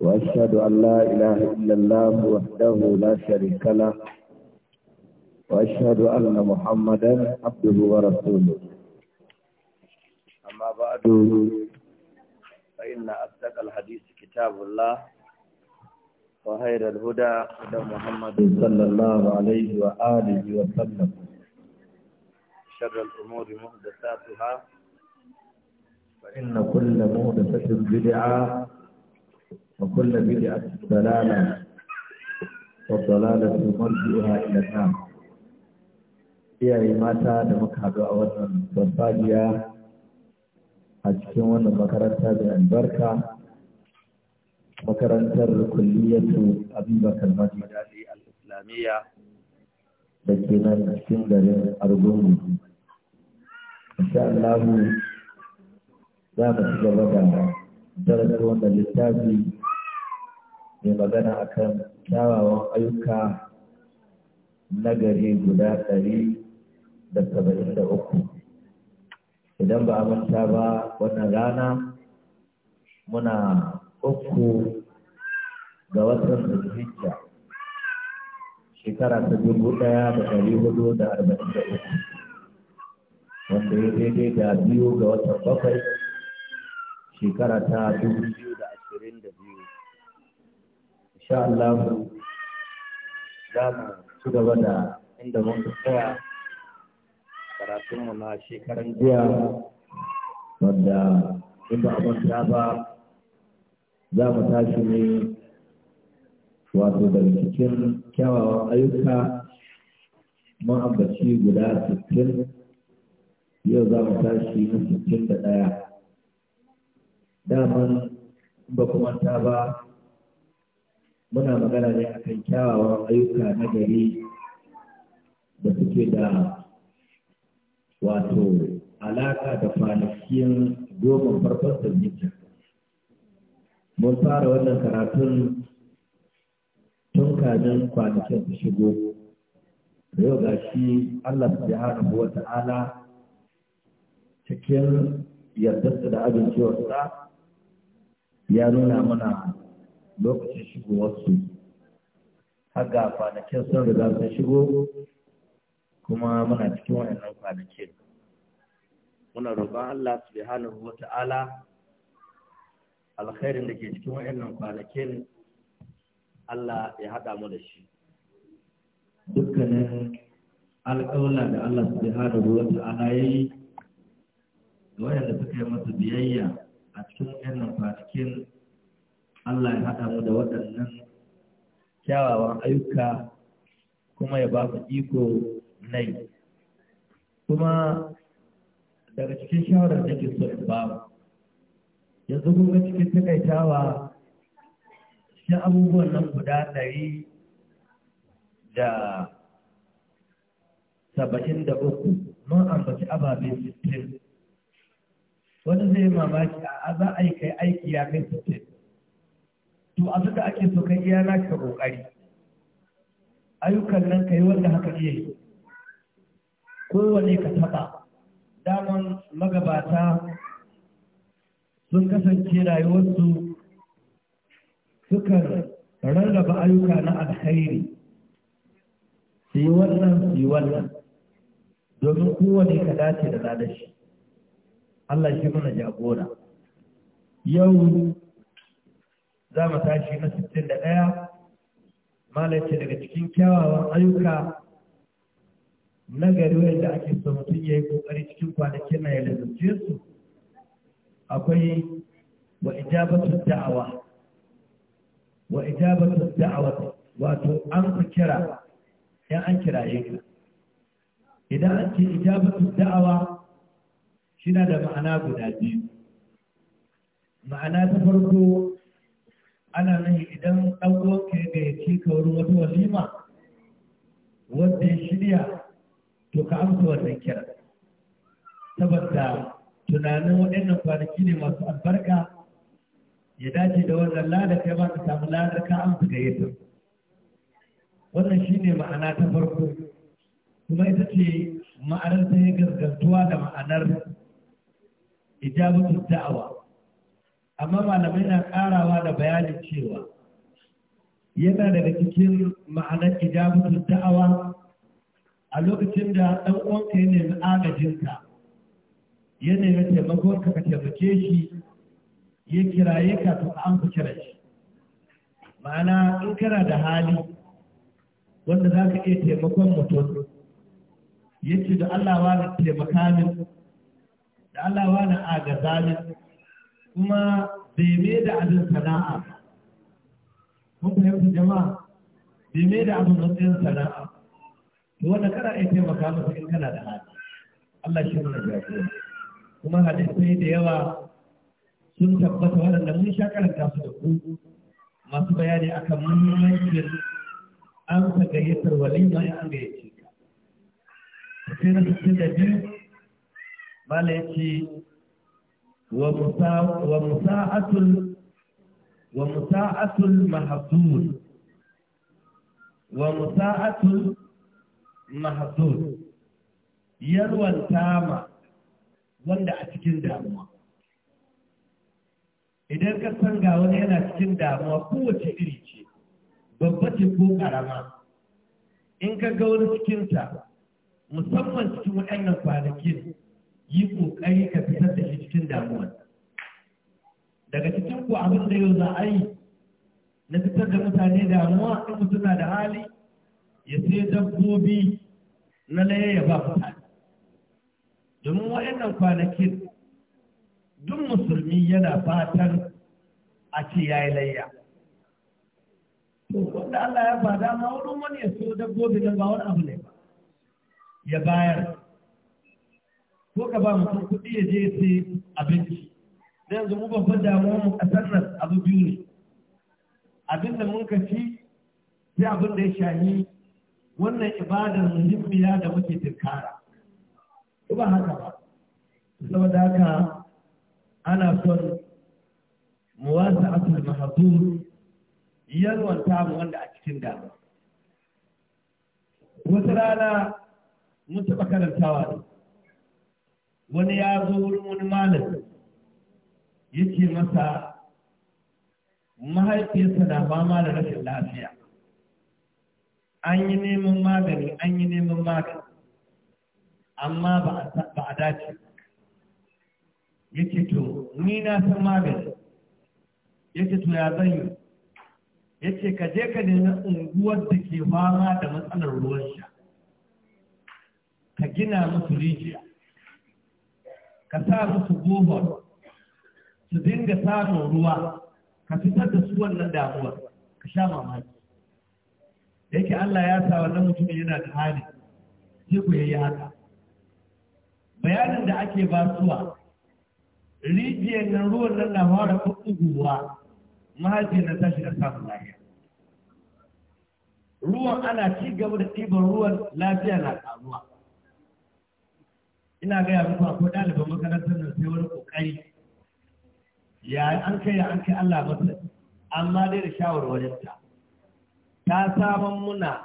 وأشهد أن لا إله إلا الله وحده لا شريك له وأشهد أن محمدا عبده ورسوله أما بعد فإن أصدق الحديث كتاب الله وخير الهدى هدى محمد صلى الله عليه وآله وسلم شر الأمور محدثاتها فإن كل محدثة بدعة وكل بدعة ضلالة والضلالة مرجئها إلى النار iyaye mata da muka haɗu a wannan farfajiya a cikin wannan makaranta da albarka makarantar kulliyatu abubakar madinali al-islamiyya da ke nan cikin garin argungu insha Allah za mu ci gaba da darasin wannan littafi mai magana kan kyawawan ayyuka nagari guda ɗari da saba'in da uku idan ba a manta ba wannan rana muna uku ga watan zuciya shekara ta dubu ɗaya da ɗari hudu da arba'in da uku wanda ya daidai da biyu ga watan bakwai shekara ta dubu biyu da ashirin da biyu insha Allah za mu ci gaba da inda mun tsaya karatunmu na shekaran jiya wadda in ba a ba za mu tashi ne wato daga cikin kyawawan ayyuka mun ambaci guda sittin yau za mu tashi na sittin da ɗaya daman in ba kuma ta ba muna magana ne a kan kyawawan ayyuka na gari da suke da wato alaka da kwanakin goma farkon zulhijja mun fara wannan karatun tun kajin kwanakin su shigo da yau ga shi allah subhanahu wa ta'ala cikin yardarsa da abincewarsa ya nuna mana lokacin shigowarsu ga kwanakin sun riga sun shigo kuma muna cikin wayannan kwanakin muna roƙon Allah subhanahu wa ta'ala alkhairin da ke cikin wayannan kwanakin Allah ya haɗa mu da shi dukkanin alƙawla da Allah subhanahu wa ta'ala yayi wayanda suka yi masa biyayya a cikin wayannan kwanakin Allah ya haɗa mu da waɗannan kyawawan ayyuka kuma ya ba mu iko nai kuma daga cikin shawarar da ke so in ba mu yanzu kuma cikin takaitawa cikin abubuwan nan guda ɗari da saba'in da uku mun ambaci ababe sittin wani zai mamaki a za a yi kai aiki ya kai sittin to a da ake so kai iya ka kokari ayyukan nan kai wanda haka iya yi kowane ka taɓa daman magabata sun kasance rayuwarsu sukan rarraba ayyuka na alkhairi su yi wannan su yi wannan domin kowane ka dace da ladashi Allah shi mana jagora yau za mu tashi na 61 ce daga cikin kyawawan ayyuka na gari wanda ake so mutum ya yi kokari cikin kwanakin na ya lalace su akwai wa ijabatu da'awa wa ijabatu da'awa wato an ku kira yan an kira ka idan an ce ijabatu da'awa shi na da ma'ana guda biyu ma'ana ta farko ana nan idan ɗan ga ya gayyace ka wurin wata walima wanda ya shirya to ka amsa wannan kira saboda tunanin waɗannan kwanaki ne masu albarka ya dace da wannan lada kai ba ka samu ladar ka amsa ga yadda. wannan shine ma'ana ta farko kuma ita ce ma'anar ta yi gargantuwa da ma'anar ijabatu da'awa amma malamai na ƙarawa da bayanin cewa yana daga cikin ma'anar ijabatun da'awa a lokacin da ɗan uwanka ya nemi agajinka ya nemi taimakon ka taimake shi ya kiraye ka to an ku kira shi ma'ana in kana da hali wanda za ka iya taimakon mutum ya ce da Allah na taimaka da Allah na agazamin kuma bai mai da abin sana'a mun fahimta jama'a bai mai da abin matsayin sana'a to wanda kana iya taimaka masa in kana da hali Allah shi mana jagora kuma hadisai da yawa sun tabbata waɗanda mun sha karanta su da ku masu bayani akan muhimmancin an ka gayyatar walima ya an gayyace ka. Sai na 62 Bala ya ce wa musa'atul wa tama wanda a cikin damuwa idan ka san ga wani yana cikin damuwa kowace iri ce babba ce ko karama in ka ga wani cikinta musamman cikin waɗannan kwanakin yi ƙoƙari ka fitar da shi cikin damuwa daga cikin ku abin da yau za a yi na fitar da mutane damuwa in mutum da hali ya sai dabbobi na laye ya ba mutane domin waɗannan kwanakin duk musulmi yana fatan a ce ya yi layya to wanda Allah ya ba dama wani wani ya so dabbobi don ba wani abu ne ba ya bayar ko ka ba mutum kuɗi ya je sai abinci da yanzu mu babban damuwa mu kasar nan abu biyu ne abin da mun ci sai abin da ya shahi wannan ibadar muhimmiya da muke tunkara ko ba haka ba saboda haka ana son mu wasa asal mahabur yalwanta mu wanda a cikin damuwa wata rana mun taɓa karantawa ne wani ya zo wurin wani malami yake masa mahaifiyarsa na fama da rashin lafiya an yi neman magani an yi neman magani amma ba a dace yake to ni na san magani yake to ya zan yi yake ka je ka nemi unguwar da ke fama da matsalar ruwan sha ka gina musu rijiya ka sa musu bohol su dinga samun ruwa ka fitar da su wannan damuwar ka sha mamaki yake Allah ya sa wannan mutumin yana da hali sai ku yayi haka bayanin da ake basuwa rijiyar nan ruwan nan na fara kuɗuwa mahaifiyar na tashi da samun lafiya ruwan ana ci gaba da ɗiban ruwan lafiya na ƙaruwa ina gaya muku akwai ɗaliban makarantar nan sai wani ƙoƙari ya an kai ya an kai Allah masa amma dai da shawarwarinta ta saman muna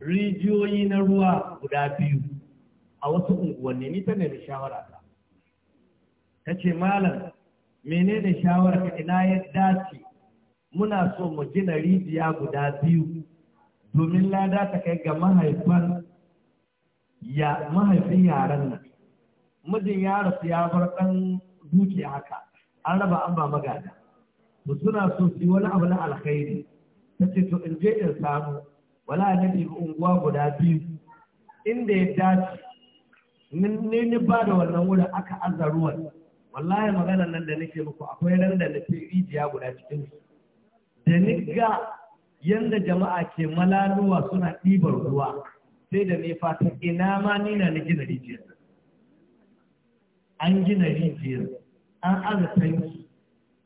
rijiyoyi na ruwa guda biyu a wasu unguwanni ni ta da shawara ta ta ce malam menene shawara ka ina ya dace muna so mu gina rijiya guda biyu domin lada ta kai ga mahaifan ya mahaifin yaran nan mijin ya rasu ya bar ɗan dukiya haka an raba an ba magada ba suna so su wani abu na alkhairi ta ce to in je in samu wala ne ɗibi unguwa guda biyu inda ya dace ne ni ba da wannan wurin aka aza ruwan wallahi maganar nan da nake muku akwai ran da nake rijiya guda cikin su da ni ga yanda jama'a ke malaluwa suna ɗibar ruwa sai da ne fata ina ma ni na gina rijiyar an gina rijiyar an aza tanki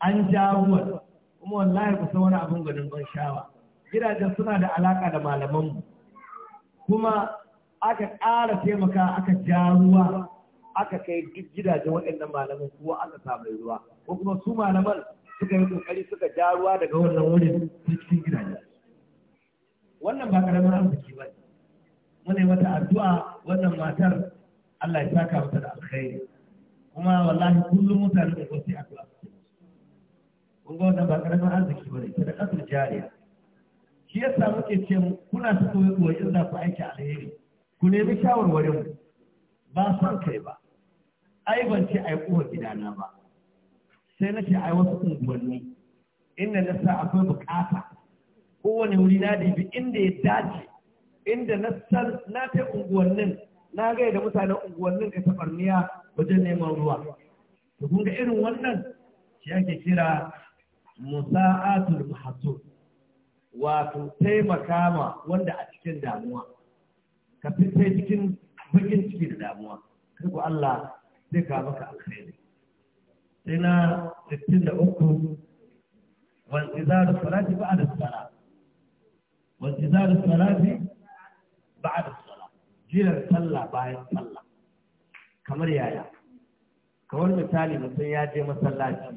an ja ruwan kuma wallahi ku san wani abin gwanin ban shawa gidajen suna da alaka da malamanmu kuma aka ƙara taimaka aka ja aka kai duk gidajen waɗannan malaman kuwa aka samu ruwa ko kuma su malaman suka yi kokari suka ja ruwa daga wannan wurin cikin gidajen wannan ba karamin arziki ba ne. yi mata addu'a wannan matar Allah ya saka mata da alkhairi kuma wallahi kullum mutane da wasu addu'a kun ga wannan ba karamin arziki bane ta da ƙasar jariya shi yasa muke ce kuna su koyi koyi in za ku aiki alheri ku nemi shawarwarin mu ba son kai ba ai ban ce ai kowa gidana ba sai na ce ai wasu unguwanni inda na sa akwai bukata kowane wuri na dibi inda ya dace inda na san na kai unguwannin na gaya da mutanen unguwannin ka tabarniya wajen neman ruwa to kun ga irin wannan shi ake kira musa'atul mahzun wato taimaka ma wanda a cikin damuwa ka fita cikin bakin ciki da damuwa kai ku Allah zai ka maka alkhairi sai na 63 wal izaru salati ba'da salat wal izaru salati ba'da salat jiran sallah bayan sallah kamar yaya kamar misali mutum ya je masallaci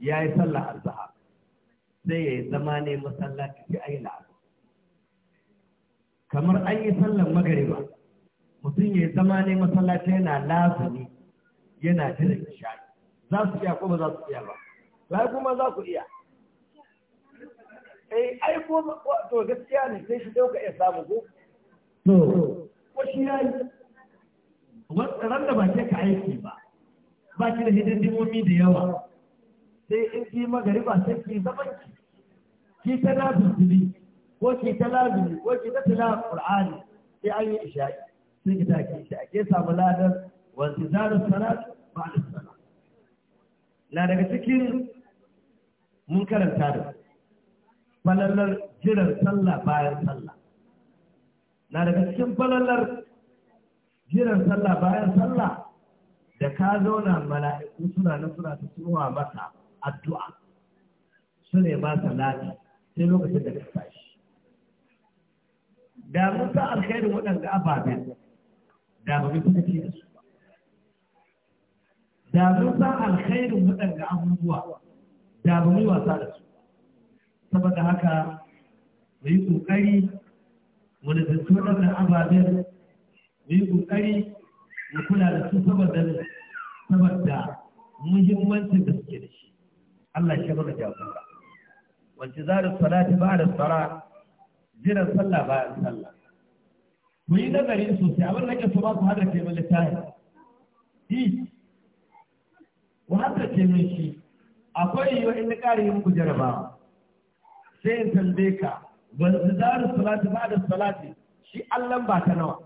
ya yi sallah azhar sai ya yi zama ne masallaci sai ayi la'asar kamar an yi sallar magariba mutum ya yi zama ne masallaci yana lazumi yana jiran shari za su iya ko ba za su iya ba lai kuma za ku iya eh, ai ai ko to gaskiya ne sai shi dauka ya samu ko to ko shi ya yi ran da ba ke ka aiki ba ba ki da hidindimomi da yawa sai in ki ba sai ki zaman ki ki ta lazuli ko ki ta na lazuli ko ki ta tila qur'ani sai an yi isha'i sai ki ta ke shi a ke samu ladar wanzu zarar salat ba'da salat na daga cikin mun karanta da falalar jiran sallah bayan sallah na daga cikin falalar jiran sallah bayan sallah da ka zauna mala'iku suna nan suna ta tunowa maka addu'a su ne ma lati sai lokacin da ka tashi da mun sa alkhairin waɗanda ababen da ba mu suka ce da su da mun sa alkhairin waɗanda abubuwa da ba mu wasa da su saboda haka mu yi ƙoƙari wani zato ɗaukar ababen mu yi ƙoƙari mu kula da su saboda saboda muhimmancin da suke da shi Allah shi mana jagora wanda za da salati ba da tsara jiran sallah bayan sallah mu yi nazari sosai abin da ke so ba ku hada ke min littafi ku hada ke mai shi akwai yiwa in ƙara yin ku jarabawa sai in tambaye ka wanda zaru salati ba da salati shi Allah ba ta nawa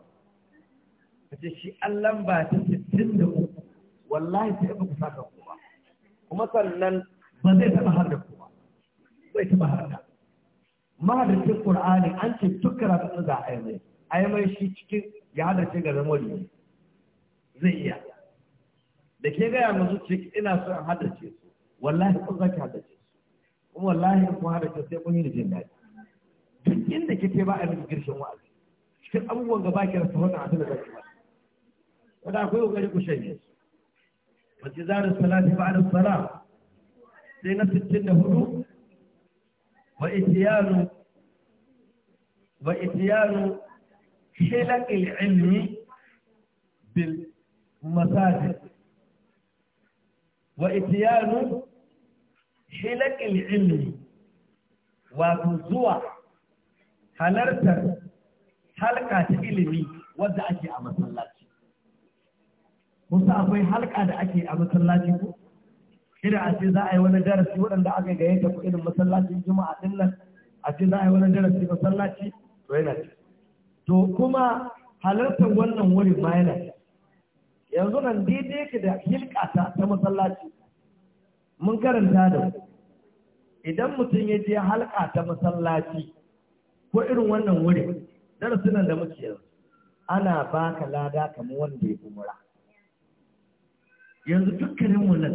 kace shi Allah ba ta 63 wallahi sai ba ku saka ku ba kuma sannan ba zai taba har da ku ba zai taba har da mahadacin qur'ani an ce tukara ta za a yi mai shi cikin ya ce ga zamani zai iya da ke gaya musu ce ina so in haddace su wallahi kun zaki haddace su kuma wallahi kun haddace sai kun yi da jin daɗi duk inda kike ba a miki girshin wa'azi cikin abubuwan gaba ki rasa wannan abin da zaki ba wanda akwai kokari ku shanye su wace zara salati da salam sai na da hudu? wa itiyanu wa itiyanu hilal ilmi bil masajid wa itiyanu hilal ilmi wato zuwa halartar halka ta ilimi wadda ake a masallaci kusa akwai halka da ake a masallaci ko idan a ce za a yi wani darasi waɗanda aka gaye ta irin masallacin juma'a din nan a ce za a yi wani darasi masallaci to yana ce to kuma halartar wannan wurin ma yana ce yanzu nan daidai ka da hilka ta ta masallaci mun karanta da idan mutum ya je halka ta masallaci ko irin wannan wuri darasunan da muke yanzu ana baka lada kamar wanda ya umura yanzu dukkaninmu nan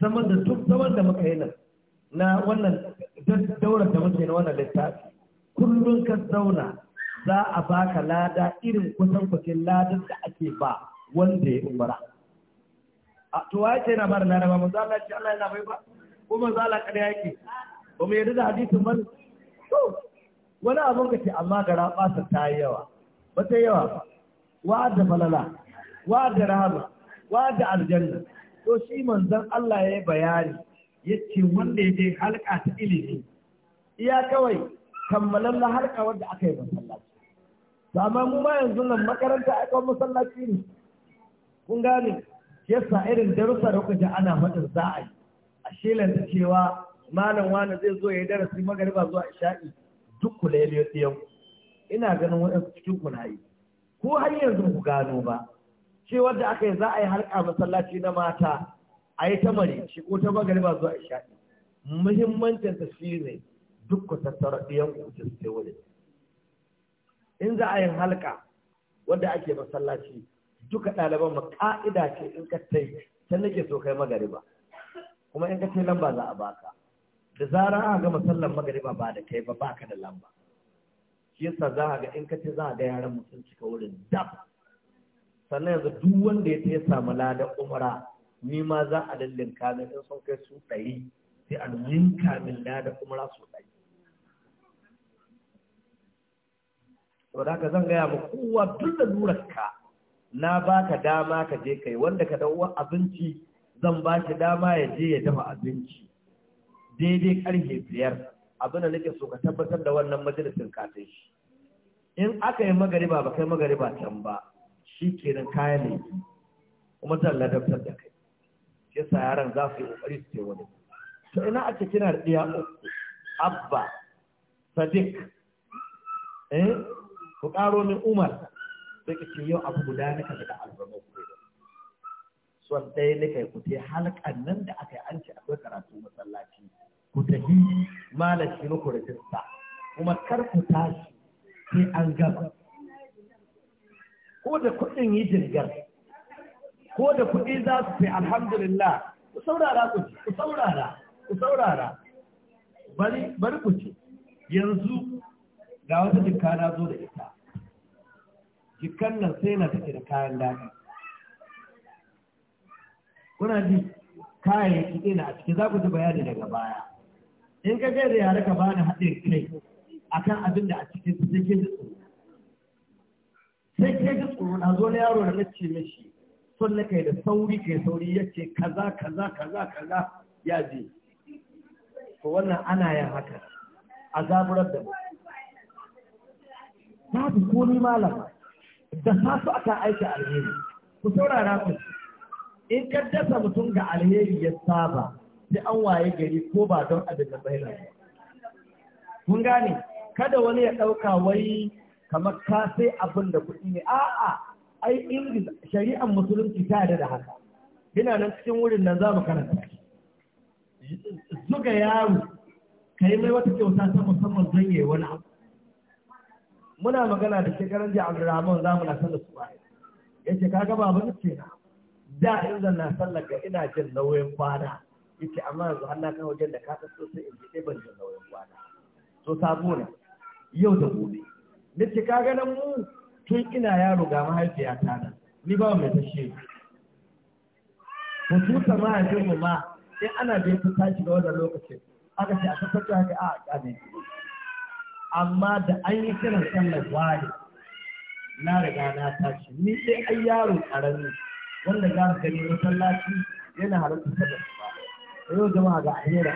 saman da duk zaman da muka yi nan na wannan daular da muke na wannan littafi kullum ka zauna za a baka lada irin kusan kusan ladar da ake ba wanda ya umara. A tuwa ya ce na bada lada ba, za Allah ce Allah yana bai ba, Kuma za Allah kada yake. Ba mu yadda da hadisin ba. ne wani abin ka ce amma gara ɓasa ta yi yawa ba ta yawa ba wa da falala wa da rahama wa da aljanna to shi manzon Allah ya yi bayani ya ce wanda ya je halka ta ilimi iya kawai na halka wanda aka yi masallaci to amma mu ma yanzu nan makaranta aka yi masallaci ne kun gane yasa irin darussa da kuka ana faɗin za a yi a shelanta cewa malam wani zai zo ya yi darasi magariba zuwa isha'i duk ina ganin waɗansu cikin ku na yi ko har yanzu ku gano ba ce wanda aka yi za a yi harka masallaci na mata a yi ta shi ko ta magariba zuwa ishaɗi muhimmancin ta shi ne duk ku tattara ɗiyan ku ta sai wani in za a yi halka wanda ake masallaci duka ɗaliban ma ka'ida ce in ka tai ta nake so kai magariba kuma in ka ce lamba za a baka da zarar aka gama sallar magariba ba da kai ba ba ka da lamba shi yasa za a ga in ka ce za a ga yaran mutum cika wurin dab sannan yanzu duk wanda ya taya samu lada umara ni ma za a lallinka kaga in sun kai su ɗari sai a linka kamin lada umara su ɗari to da ka zan gaya ma kowa duk lalurar ka na baka dama ka je kai wanda ka dawo abinci zan ba shi dama ya je ya dafa abinci daidai karfe biyar abin da nake so ka tabbatar da wannan majalisin kafin shi in aka yi magariba ba kai magariba can ba shi ke nan kayan ne kuma zan ladabtar da kai shi sa yaran za su yi kokari su ce wani to ina a da ɗiya uku abba sadiq eh ku karo min umar sai ka ce yau abu guda naka da albarka ku son ɗaya kai ku te halkan nan da aka yi an ci akwai karatu masallaci ku tafi malashi muku rajista kuma kar ku tashi sai an gaba ko da kuɗin yi jirgar ko da kuɗi za su fi alhamdulillah ku saurara ku ci ku saurara ku saurara bari bari ku ci yanzu ga wata jikka na zo da ita jikkan nan sai na take da kayan daɗi kuna ji kayayyaki ɗina a cikin za ku ji bayani daga baya in ka zai da yare ka bani haɗin kai akan abin da a cikin su sai ke ji tsoro sai ke ji tsoro na zo na yaro da na ce mishi son na kai da sauri kai sauri ya ce kaza kaza kaza kaza ya je Ko wannan ana yin haka a zaburar da mu babu ko ni malama da sasu aka aiki alheri ku saurara ku in ka dasa mutum ga alheri ya saba da an waye gari ko ba don abin da bai nan mun gane kada wani ya ɗauka wai kamar ka sai abin da kuɗi ne a'a ai ingis shari'ar musulunci ta da haka Ina nan cikin wurin nan za mu karanta zuga yaro ka yi mai wata kyauta ta musamman don yi wani abu muna magana da shekaran da abdurrahman za mu na sallar su baya ya ce kaga babu ce na da in zan na sallar ga ina jin nauyin kwana yake amma yanzu har na wajen da ka taso sai in je sai ban jin nauyin kwana to sabo ne yau da gobe nace ka ga mu tun ina yaro ga mahaifiyata nan ni ba mai tashe ku mahaifin mahaifinmu ma in ana bai ta tashi ga wannan lokacin aka ce a tabbata haka a ƙane amma da an yi kiran sallar wani na riga na tashi ni dai ai yaro ƙarami wanda za gani masallaci yana halarta sallar yau jama'a ga alhera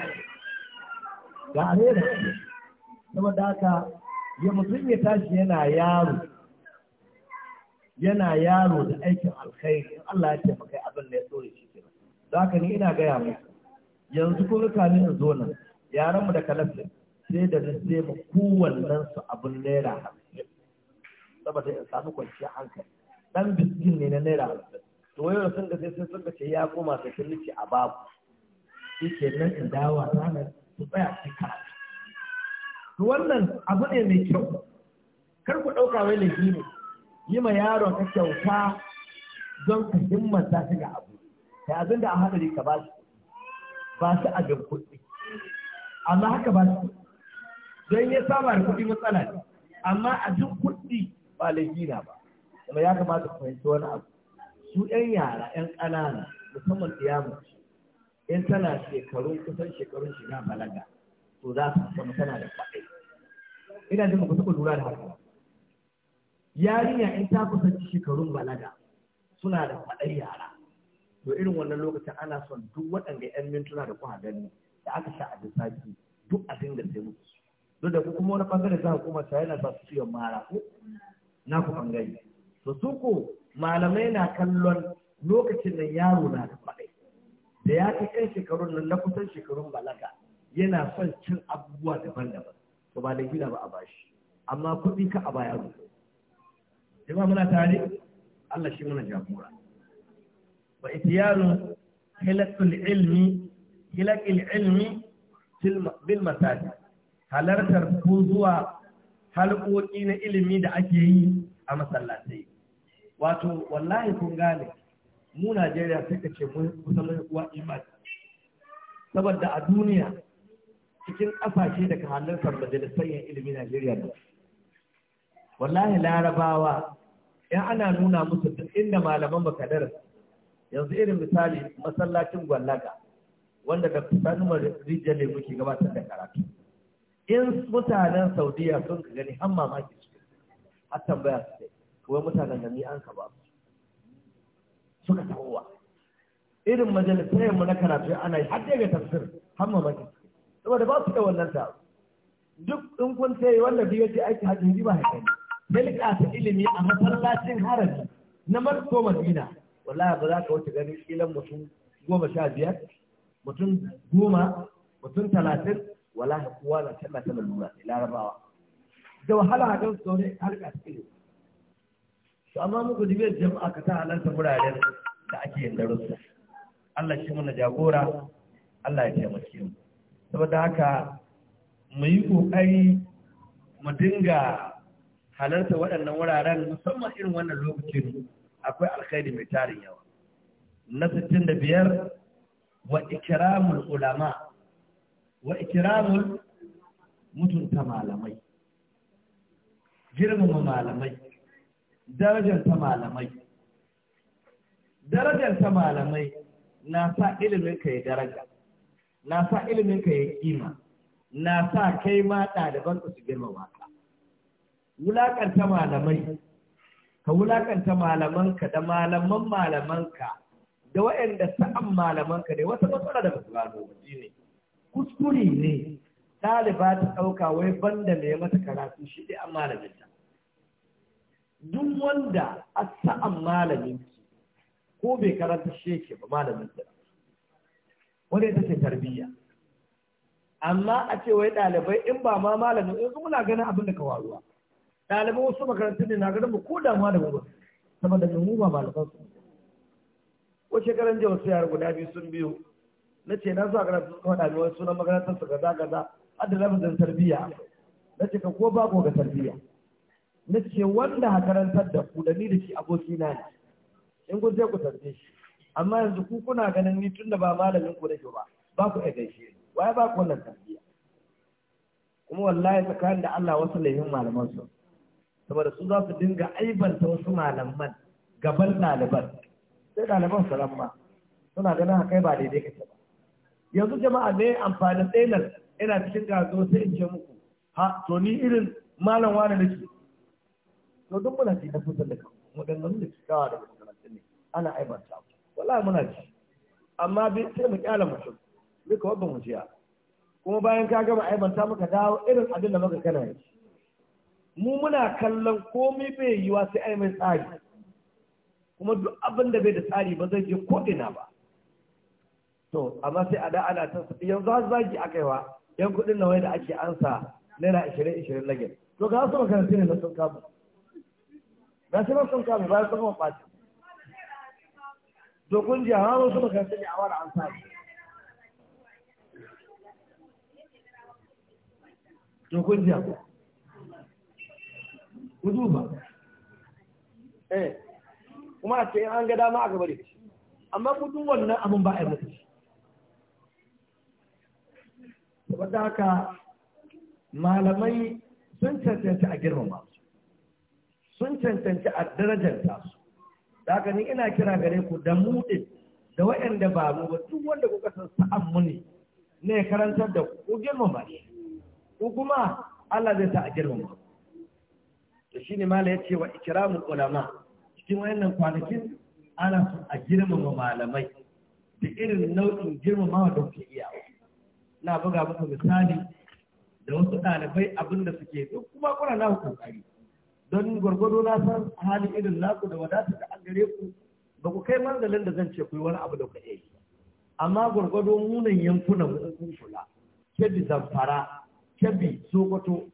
ga alhera saboda haka ya mutum ya tashi yana yaro yana yaro da aikin alkhairi Allah ya taimaka abin da ya tsore shi ke za ka ni ina gaya mu, yanzu kun ka ni in zo nan yaran mu da kalafin sai da na sai mu kowannen su abin naira hamsin saboda in samu kwanciyar hankali dan biskin ne na naira hamsin to wai sun ga sai sun ga ce ya koma sai sun ce a babu Yake nan ta dawa ranar su tsaya su karatu to wannan abu ne mai kyau kar ku ɗauka wai laifi ne yi ma yaron ka kyauta don ka himmata shi ga abu da abin da a hadari ka ba shi ba shi abin kuɗi amma haka ba shi don ya saba da kuɗi matsala ne amma abin kuɗi ba laifi gina ba kuma ya kamata ku fahimci wani abu su 'yan yara 'yan ƙanana musamman ɗiyamu in tana shekaru kusan shekarun shiga balaga to za su samu tana da kwaɗe ina jin ku taɓa lura da haka yarinya in ta kusanci shekarun balaga suna da kwaɗai yara to irin wannan lokacin ana son duk waɗanda 'yan mintuna da kuma gani da aka sha a lissafi duk a dinga sai muku duk da ku kuma wani bangare za ku kuma sai yana ba su ciwon mara ko na ku bangare to su ko malamai na kallon lokacin da yaro na da da ya fi kan shekarun nan na kusan shekarun balaga yana son cin abubuwa daban-daban to ba da gida ba a bashi amma kuɗi ka a baya rufe ba muna tare Allah shi muna jagora wa itiyanu hilakul ilmi hilakul ilmi bil halartar ko zuwa halƙoƙi na ilimi da ake yi a masallatai wato wallahi kun gane mu Najeriya sai ka ce mun kusa imani saboda a duniya cikin ƙasashe daga halartar majalisar yin ilimi Najeriya da wallahi larabawa yan ana nuna musu duk inda malaman makadar yanzu irin misali masallacin gwallaga wanda da sanuwar rijiyar ne muke gabatar da karatu in mutanen saudiya sun ka gani an mamaki su a tambaya su kai wai mutanen da ni an ka ba su suka tahowa irin majalisai mu na karatu ana yi har daga tafsir har maki saboda ba su da wannan ta duk in kun sai wanda biyu ce aiki hajji ba haka ne ta ilimi a masallacin haraji na marko madina wallahi ba za ka wuce ganin kilan mutum goma sha biyar mutum goma mutum talatin wallahi kowa na tallata lura, larabawa da wahala a gan su zaune harka to amma muku dubiyar jama'a ka ta halarta wuraren da ake yin darussa Allah shi muna jagora Allah ya taimake mu saboda haka mu yi kokari mu dinga halarta waɗannan wuraren musamman irin wannan lokacin akwai alkhairi mai tarin yawa na 65 wa ikramul ulama wa ikramul mutunta malamai girmama malamai darajar ta malamai darajar ta malamai na sa ilimin ka ya daraja na sa ilimin ka ya kima na sa kai ma ɗaliban su girma ka Wulaƙanta malamai ka wulaƙanta malamanka da malaman malamanka da waɗanda sa'an malamanka ne wata matsala da su gano ba ne kuskure ne ɗaliba ta ɗauka wai banda mai mata karatu shi dai an malamin duk wanda a sa'an malamin ki ko bai karanta sheke ba malamin ki wanda ya ce tarbiyya amma a ce wai ɗalibai in ba ma malamin yanzu muna ganin abin da ka waruwa ɗalibai wasu makarantun ne na ganin ba ko damuwa da mu sama saboda mu ba malaman su ko shekaran jiya wasu yara guda biyu sun biyu na ce na zuwa karatu suka faɗa wani sunan makarantar su gaza gaza har da lafazin tarbiyya na ce ka ko ba ko ga tarbiyya na ce wanda ha karantar da ku da ni da shi aboki na ne in ku sai ku tarbe shi amma yanzu ku kuna ganin ni tunda ba malamin ku nake ba ba ku iya gaishe ni waye ba ku wannan tarbiyya kuma wallahi tsakanin da Allah wasu laifin malaman su saboda su za su dinga aibanta wasu malaman gaban ɗaliban sai ɗaliban su ramma suna ganin haƙai ba daidai kace ba yanzu jama'a ne amfani ɗainar ina cikin gazo sai in ce muku ha to ni irin malam wani nake to duk muna ci kasu da kan maganganun da cikawa daga makarantun ne ana aibanta wallahi muna ci amma bi sai mu kyala mutum duka wabban mu jiya kuma bayan ka gama aibanta muka dawo irin abin da muka kana yi mu muna kallon komai bai yiwa sai ai mai tsari kuma duk abin da bai da tsari ba zai je ko ina ba to amma sai a da ana ta yanzu har zaki aka wa yan kuɗin nawa da ake ansa naira 20 20 lagin to ga su makarantu ne na sun kama ga shi ba sun kame bayan sun gama ɓaci to kun ji hawa wasu makarantar a wani an sa to kun ji ba eh kuma a an ga dama a gaba amma kudin wannan abin ba a yi mata shi haka malamai sun cancanci a girmama su sun cancanci a darajar tasu da ni ina kira gare ku da muɗe da waɗanda ba mu ba duk wanda kuka san sa'an mu ne ne karantar da ku girmama ne ku kuma Allah zai sa a girmama to shine mala ce wa ikramul ulama cikin wayannan kwanakin ana a girmama malamai da irin nau'in girmamawa da kuke iya na buga muku misali da wasu ɗalibai abinda suke duk kuma kuna na kokari don gwargwado na san halin irin naku da wadatar da an gare ku ba ku kai mangalin da zan ce ku yi wani abu da ku yi amma gwargwado munan yankunan mu kula kebi zamfara kebi sokoto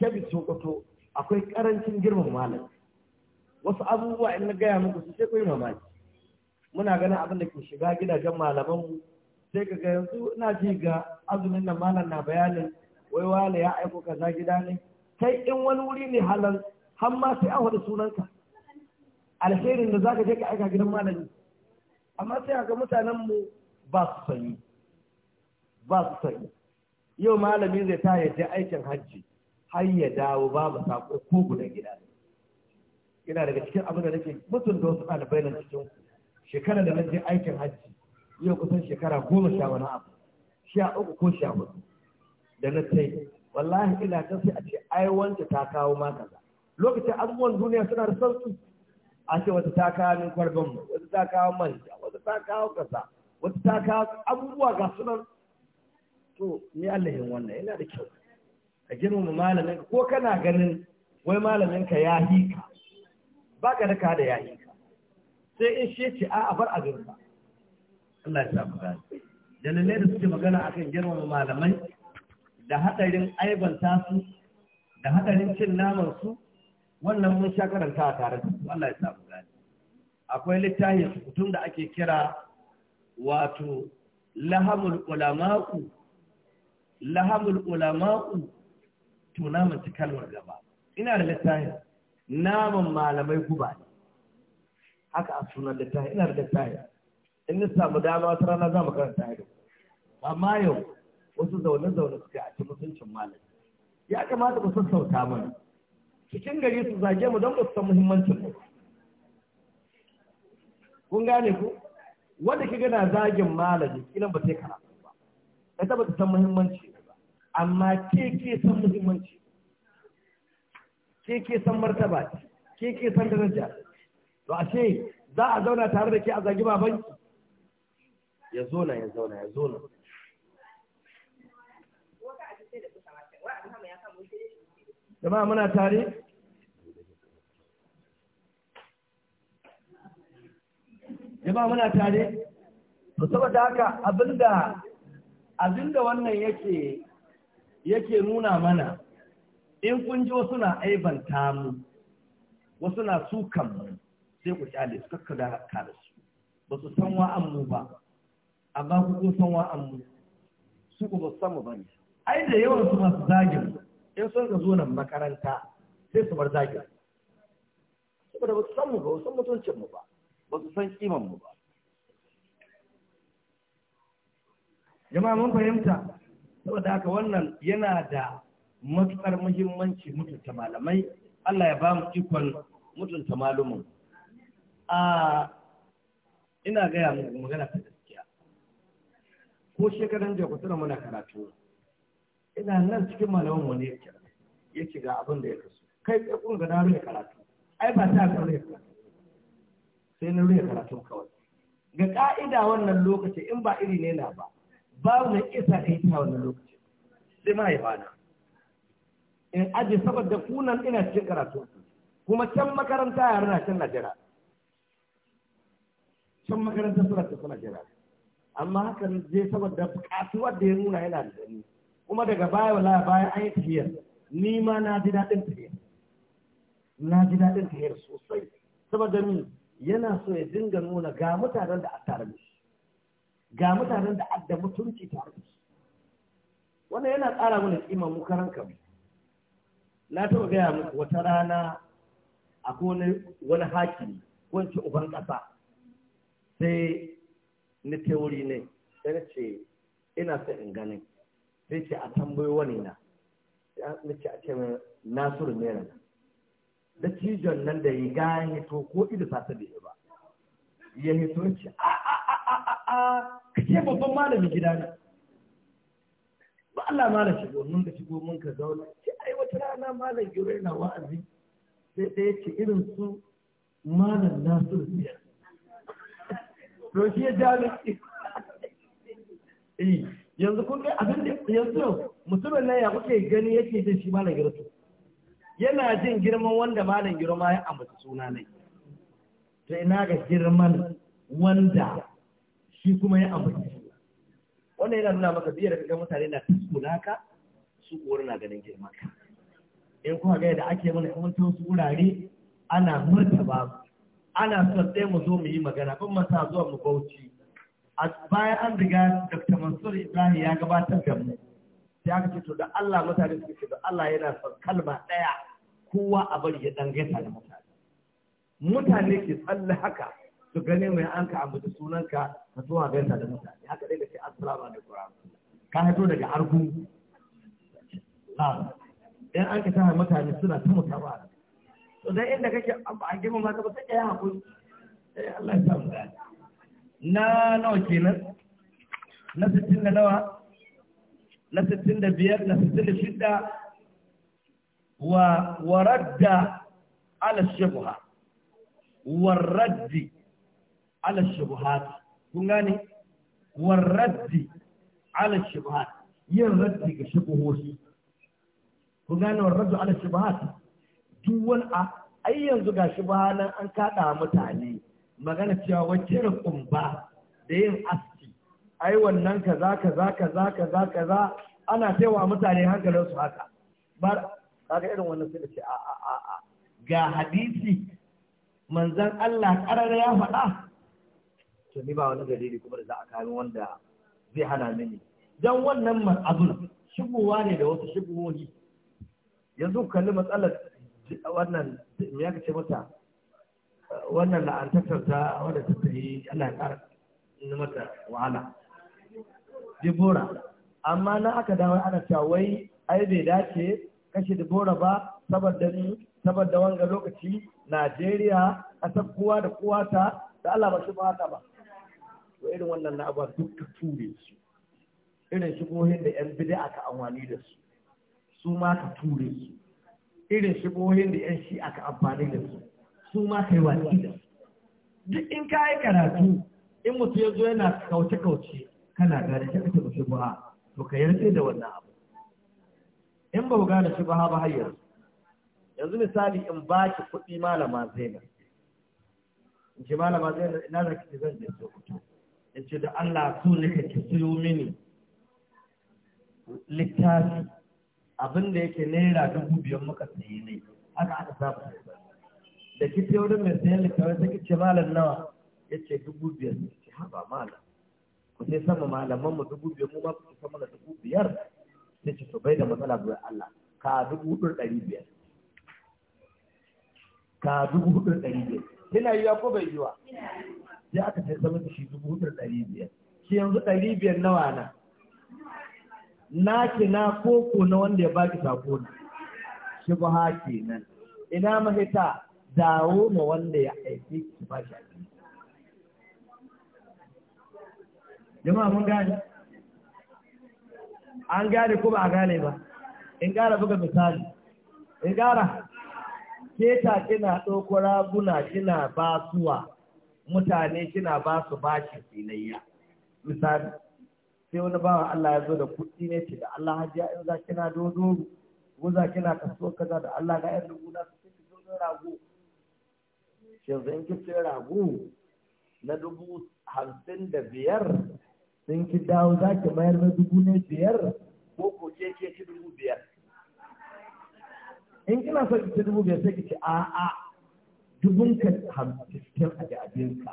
kebi sokoto akwai karancin girman malam wasu abubuwa in na gaya muku sai ku yi mamaki muna ganin abin da ke shiga gidajen malamanmu sai ka ga yanzu ina ji ga azumin nan malam na bayanin wai wale ya aiko kaza gida ne kai in wani wuri ne halan har ma sai an faɗi sunanka alherin da zaka je ka aika gidan malami amma sai ga mutanen mu ba su sanyi ba su sanyi yau malami zai ta ya je aikin hajji har ya dawo babu sa ko guda gida ina daga cikin abin da nake da wasu ɗalibai nan cikin shekara da na aikin hajji yau kusan shekara goma sha wani abu sha uku ko sha hudu da na sai wallahi ina ta sai a ce ai wanda ta kawo ma kaza lokacin abubuwan duniya suna da sauki a ce wata ta kawo min kwargon wata ta kawo manja wata ta kawo kasa wata ta kawo abubuwa ga sunan to ni Allah yin wannan yana da kyau ka girmama malamin ka ko kana ganin wai malamin ka ya hika ba ka da ka da ya hika sai in shi ce a a bar abin ka Allah ya sa mu gani dalilai da suke magana akan girmama malamai da hadarin aibanta su da hadarin cin naman su wannan mun sha karanta a tare da Allah ya samu gani akwai littafin rubutun da ake kira wato lahamul ulama'u lahamul ulama'u to naman ci kalmar gaba ina da littafin. naman malamai guba ne haka a sunan littafin ina da littafin. in ni samu dama wata rana za mu karanta yau amma yau wasu zaune-zaune suka a cikin mutuncin malami ya kamata ku sassauta mana cikin gari su zage mu don san muhimmancin mu kun gane ku wanda ki gana zagin malami idan ba sai karatu ba ka taba san muhimmanci ba amma ke ke san muhimmanci ke ke san martaba ke ke san daraja to ce za a zauna tare da ke a zagi babanki ya zo na ya zauna ya zo na jama'a muna tare jama'a muna tare to saboda haka abinda abinda wannan yake yake nuna mana in kun ji wasu na aibanta mu wasu na sukan mu sai ku kyale su kakka da haka su ba su san wa'an mu ba amma ku san san wa'an mu su ku ba su san mu ba ne ai da yawan su masu zagin in sun ka zo nan makaranta sai su bar zagin saboda ba su san mu ba su san mutuncin mu ba ba su san kiman mu ba jama'a mun fahimta saboda haka wannan yana da matuƙar muhimmanci mutunta malamai Allah ya ba mu ikon mutunta malumin a ina gaya magana ta gaskiya ko shekaran jiya muna karatu ina nan cikin malaman wani ya yake ya ci ga abin da ya kasu kai tsaye kun ga na rufe karatu ai ba ta ka rufe karatu sai na rufe karatu kawai ga ka'ida wannan lokaci in ba iri ne na ba babu mai isa da ta wannan lokaci sai mahaifa bana in aje saboda kunan ina cikin karatu kuma can makaranta yara na can najera can makaranta suna ta suna jira amma hakan je saboda bukatuwar da ya nuna yana da ni kuma daga baya wala bayan an yi tafiyar ni ma na ji daɗin tafiyar na ji daɗin tafiyar sosai saboda ni yana so ya dinga nuna ga mutanen da a tare da shi ga mutanen da adda mutunci tare da shi wannan yana ƙara mana kima mu karan na taɓa gaya muku wata rana kone wani hakimi wance uban ƙasa sai na teori ne sai na ce ina son in ganin sai ce a tambayi wani na ya ce a ce nasiru ne na da cijon nan da ya ga hito ko ido sasa da ya ba ya hito ce a a a a a ka ce babban malamin gida ne. ba Allah malam shigo mun ka shigo mun ka zauna ce ai wata rana malam gure na wa'azi sai ɗaya ce irin su malam nasiru mera to shi ya ja ni eh. yanzu kun kai abin da yanzu mutumin nan ya kuke gani yake jin shi malam girma yana jin girman wanda malam girma ya ambata suna ne to ina ga girman wanda shi kuma ya ambata shi wannan yana nuna maka biyar ga mutane na tsunaka su kuwar na ganin girma ka in kuma ga yadda ake mana kuma ta wasu wurare ana murtaba ana son ɗaya mu zo mu yi magana kuma ta zuwa mu bauchi a bayan an riga Dr. Mansur Ibrahim ya gabatar da mu sai aka ce to da Allah mutane suke ce da Allah yana son kalma ɗaya kowa a bari ya dangaita da mutane mutane ke tsalle haka su gane mai an ka ambaci sunanka ka zuwa gaisa da mutane haka dai ka ce assalamu alaikum ka hito daga argu dan an ka tara mutane suna ta mutawa to dan inda kake a girma ma ka ba sai ya hakuri sai eh, Allah ya samu dadi na nawa kenan na sittin da nawa na sittin da biyar na sittin da shida wa waradda ala shubha warraddi ala shabuhat kun gane warraddi ala shabuhat yin raddi ga shabuhoshi kun gane warraddu ala shabuhat duk wani a ai yanzu ga shubha nan an kada mutane magana cewa wace kumba da yin aski ai wannan kaza kaza kaza kaza kaza ana taiwa mutane hankalin su haka bar kaga irin wannan sai ce a a a ga hadisi manzon Allah karara ya faɗa to ni ba wani dalili kuma da za a kawo wanda zai hana mini dan wannan abun shigowa ne da wasu shigowoyi yanzu kalli matsalar wannan me ya ce mata wannan la'antakar ta wadda ta yi Allah ya ƙara na mata wahala. Dibora, amma na aka dawo ana cewa wai ai bai dace kashe Dibora ba saboda ni saboda wanga lokaci Najeriya ƙasar kowa da kowa ta da Allah ba shi ba ba. To irin wannan na abuwa duk ta ture su. Irin shigohin da 'yan bid'a ka amfani da su. Su ma ka ture su. Irin shigohin da 'yan shi aka amfani da su. su ma kai watsi da duk in ka yi karatu in mutum ya zo yana kauce-kauce kana gane shi kake mashi ba to ka yarda da wannan abu in ba gane shi ba ba har yanzu yanzu misali in ba ki kuɗi malama zaina in ce malama zaina ina da kike zan je sokoto in ce da Allah su ka ki siyo mini littafi abin da yake naira dubu biyar muka sayi ne aka aka sabu sai da ki wurin mai sayan littafai sai ki malam nawa ya ce dubu biyar ne ce haɓa malam ku sai sama malaman mu dubu biyar mu ba ku sama da dubu biyar sai ce to bai da matsala zuwa Allah ka dubu hudu ɗari biyar ka dubu hudu ɗari biyar yana yiwa ko bai yiwa sai aka sai sama da shi dubu hudu ɗari biyar shi yanzu ɗari biyar nawa na Na naki na koko na wanda ya baki sako shi ba kenan ina mahita dawo ma wanda ya aiki ki ba shi abinci jama'a mun gane an gane ko ba a gane ba in gara buga misali in gara keta kina ɗauko raguna kina basuwa mutane kina ba su shi filayya misali sai wani bawa Allah ya zo da kuɗi ne ce da Allah hajiya in za kina dodo guza za kina kaso kaza da Allah ga yan rubuta su kike dodo rago Shin zan ki sai rago na dubu hamsin da biyar sun ki dawo za ki mayar na dubu ne biyar ko ko ke ke ci dubu biyar in kina so ki ci dubu biyar sai ki ce a'a dubun ka hamsin a da ka.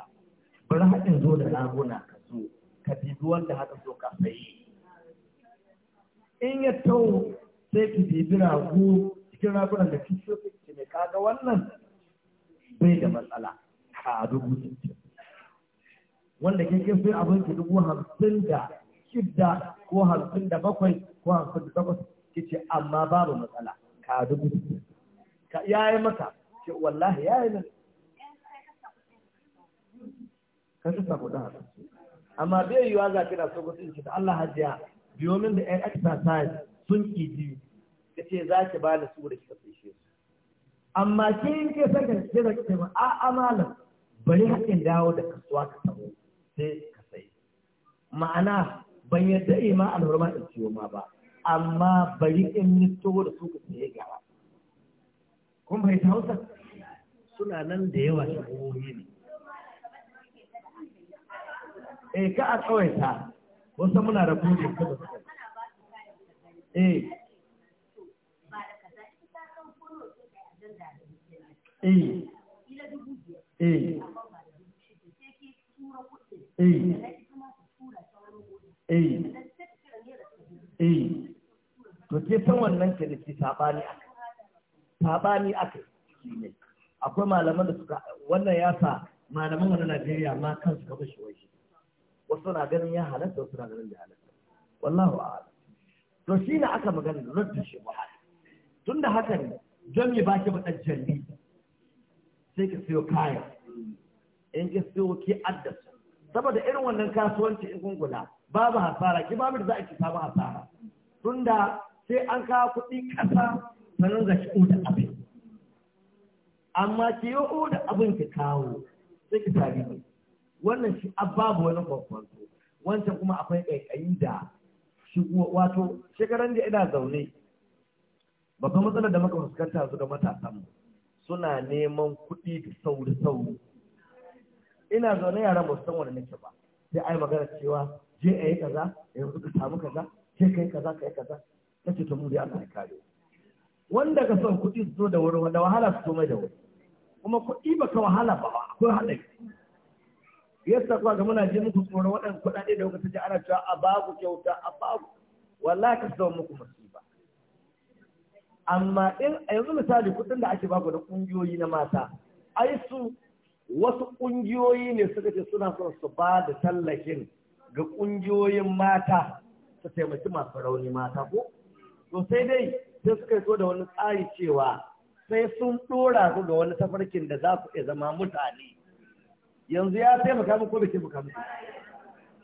bari haɗin zo da raguna ka zo. ka bibi wanda haka so ka sayi in ya tau sai ki bibi rago cikin ragunan da ki so ki ce wannan bai da matsala a dubu sittin wanda ke kin sai abin ki dubu hamsin da shidda ko hamsin da bakwai ko hamsin da takwas ki ce amma babu matsala ka dubu sittin ka yi maka ce wallahi yi nan ka ci sa kuɗin haka amma bai yiwa za ki da so kuɗin ki da Allah hajiya biyo min da ɗan exercise sun ji. ka ce za ki ba da su da kika amma sai in ke san ka ce da kake a a malam bari hakin dawo da kasuwa ka samu sai ka sai ma'ana ban yadda ima alhurma da ciwo ma ba amma bari in yi toho da su ka sai gara kun bai hausa suna nan da yawa shagogogi ne eh ka a tsawaita wasu muna da burin kuma eh Eh. Eh. Eh. eh eh to ke san wannan ke da ke sabani aka sabani aka ne akwai malaman da suka wannan ya sa malaman wani Najeriya ma kansu ka bashi wai wasu na ganin ya halatta wasu na ganin ya halatta wallahu a'lam to shi ne aka magana da rantsa shi ba tunda hakan ne don ya baki ba dan jalli sai ka siyo kaya in ka siyo ki addasa saboda irin wannan kasuwanci in kun kula babu hasara ki babu da za a ki samu hasara tunda sai an kawo kuɗi ƙasa sannan ga shi da abin amma ki yi da abin ki kawo sai ki sami wannan shi babu wani kwakwanto wancan kuma akwai ƙaiƙayi da wato shekaran da ina zaune babban matsalar da muka fuskanta su ga matasanmu suna neman kuɗi da sauri sauri ina zaune yaran ba san wani nake ba sai ai magana cewa je a yi kaza yanzu ka samu kaza je ka yi kaza ka yi kaza ta ce ta mu ana ya kare wanda ka son kuɗi su zo da wuri wanda wahala su zo mai da wuri kuma kuɗi ba ka wahala ba akwai haɗari yasa kuwa ga muna je muku tsoron waɗannan kuɗaɗe da wuƙa ta ji ana cewa a babu kyauta a babu wallahi ka zo muku musu amma ɗin a yanzu misali kuɗin da ake baku da kungiyoyi na mata ai su wasu ƙungiyoyi ne suka ce suna son su ba da tallafin ga ƙungiyoyin mata su taimaki masu rauni mata ko to sai dai sai suka yi so da wani tsari cewa sai sun ɗora su ga wani tafarkin da za su iya zama mutane yanzu ya taimaka muku ko bai taimaka muku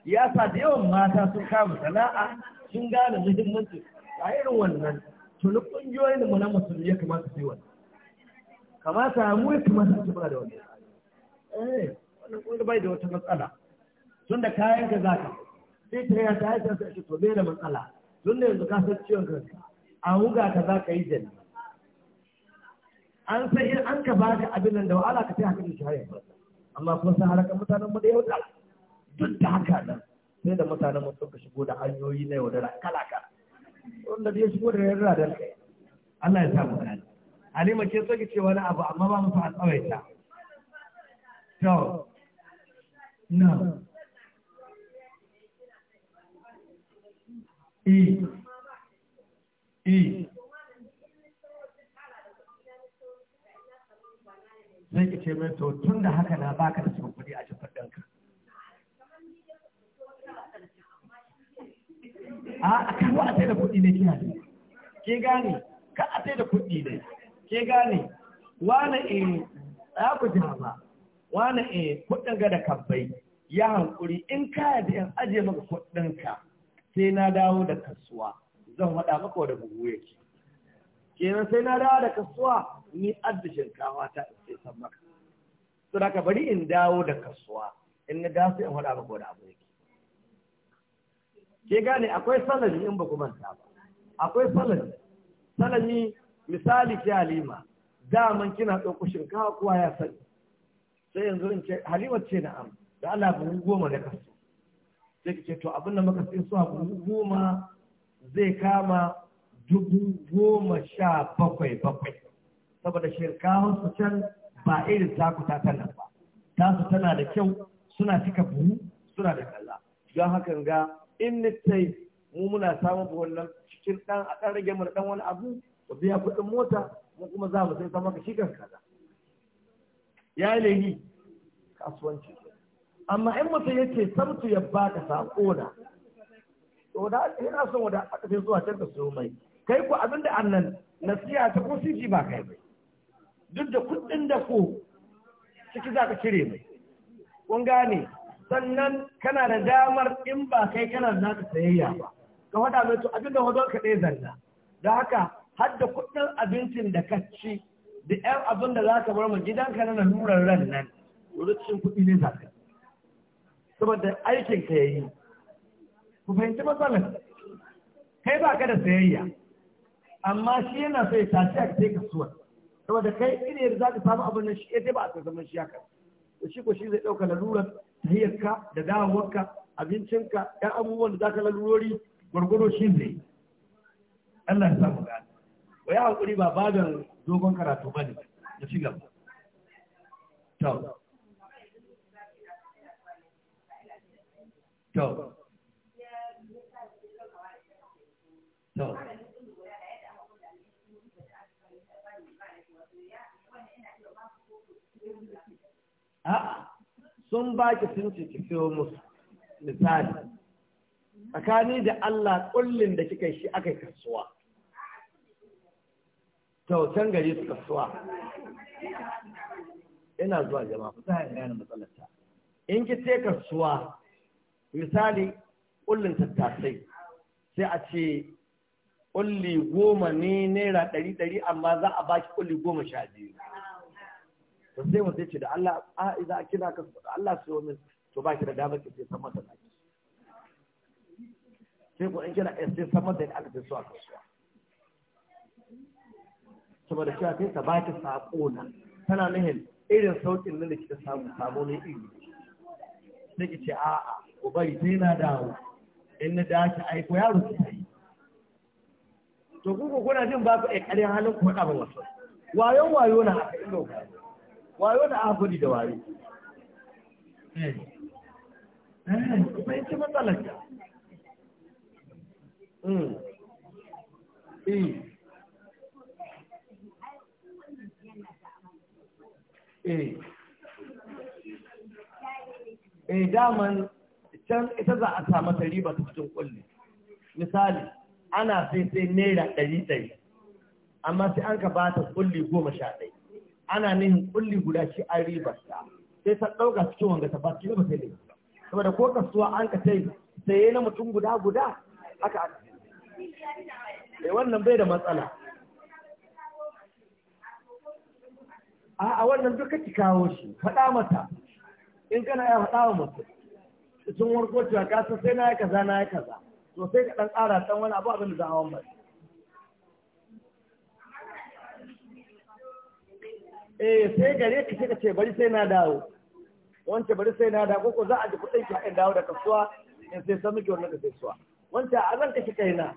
ya sa da yawan mata sun kama sana'a sun gane muhimmanci a irin wannan tuni ƙungiyoyin mu na musulmi ya kamata su yi wannan kamata mu ya kamata su ba da wani. eh wannan ƙungiya bai da wata matsala tun da kayan ka zaka sai ta yi ta haifar sai to bai da matsala tun da yanzu ka san ciwon kanka a huga ka za ka yi jani an sai in an ka baka abin nan da wahala ka sai haka da shahaya amma kuma sai haraka mutanen mu da yau da duk da haka nan sai da mutanen mu suka shigo da hanyoyi na yaudara kala kala wanda ya shigo da yarda da kai Allah ya samu gani Halima ce so ki ce wani abu amma ba mu fa tsawaita to na e e sai ki ce mai to tun da haka na baka da cikin kuɗi a cikin a kawo a sai da kuɗi ne kina ne ke gane ka a sai da kuɗi ne ke gane wani e eh, ya ku jama wani e eh, kuɗin ga da kabbai ya hankuri in kaya da yan ajiye maka kuɗin ka sai na dawo da kasuwa zan haɗa maka da buhu yake kenan sai na dawo da kasuwa ni adda shinkawa ta sai san maka ka bari in dawo da kasuwa in na dawo sai in haɗa maka da abu yake ke gane akwai salami in ba ku manta ba akwai salami salami misali ki halima daman kina ɗauko shinkawa kowa ya sani sai yanzu in ce halima ce na'am da Allah buhu goma da kasu sai ki to abin da muka sai suwa buhu goma zai kama dubu goma sha bakwai bakwai saboda shinkawansu su can ba irin taku ta tana ba tasu tana da kyau suna cika buhu suna da kalla don hakan ga in nitai mu muna samun wannan cikin dan a dan rage mana dan wani abu ku biya kuɗin mota mu kuma za mu sai ta maka shi kaza ya lehi kasuwanci amma in mutum ya ce sabtu ya baka sako na to da yana son wada aka fi zuwa can ka siyo mai kai ku abin da annan nasiya ta ko siji ba kai mai duk da kuɗin da ko ciki za ka cire mai kun gane sannan kana da damar in ba kai kana da naka sayayya ba ka faɗa mai to abin da wajen ka ɗaya zanna da haka har da kuɗin abincin da ka ci da ƴan abin da za ka bar ma gidanka na lalurar ran nan wurin kuɗi ne za ka saboda aikin ka yayi ku fahimci matsalar kai ba ka da sayayya amma shi yana so ya tashi a kai kasuwar saboda kai iri yadda za ka samu abin nan shi ya eh, ba a zama shi haka to shi ko shi zai ɗauka lalurar tahiyarka da dawowarka abincinka ɗan abubuwan da za ka lalurori gwargwaro shi ne Allah ya samu gani wa ya haƙuri ba ba da dogon karatu ba ne da ci gaba kyau kyau kyau a'a sun ki sun ce ki siyo musu misali tsakani da Allah kullin da kika shi aka kasuwa kyautan gari su kasuwa ina zuwa jama'a ku sai gane matsalar in ki ce kasuwa misali kullin tattasai sai a ce kulli goma ne naira ɗari ɗari amma za a baki kulli goma sha biyu sai wanda ya ce da Allah a idan kina ka da Allah su yi to ba ki da damar ki sai samar da naki sai ko in kina ya sai samar da ni aka sai su a kasuwa saboda cewa kai ta baki sako na tana nihin irin sauƙin nan da kika samu samu ne iri sai ki ce a'a ko bari sai na dawo in na dace ki aiko yaro ki yi to kuka kuna jin ba ku eh, ƙarin halin ku faɗa ba wasu wayon wayo na haka inda ku wayo da ahuri da wayo eh. eh, mai ci matsalar ka hmm. eh. eh daman can ita za a samu riba ta cikin kulle misali ana sai sai naira ɗari ɗari amma sai an ka bata kulli goma sha ɗaya ana nihin kulli guda shi an riba ta sai ta ɗauka cikin wanga ta ba ba sai da saboda ko kasuwa an ka sai saye na mutum guda guda aka aka sai eh, wannan bai da matsala a a wannan duka ki kawo shi faɗa mata in kana ya faɗa wa mutum sun warko cewa ka sai na ya kaza na ya kaza to sai ka ɗan ƙara ɗan wani abu abin da za a wani eh sai gare ka kika ka ce bari sai na dawo wance bari sai na dawo ko za a ji kuɗin ka in dawo da kasuwa in sai san miki wannan kasuwa? sai wance a zan kashi kaina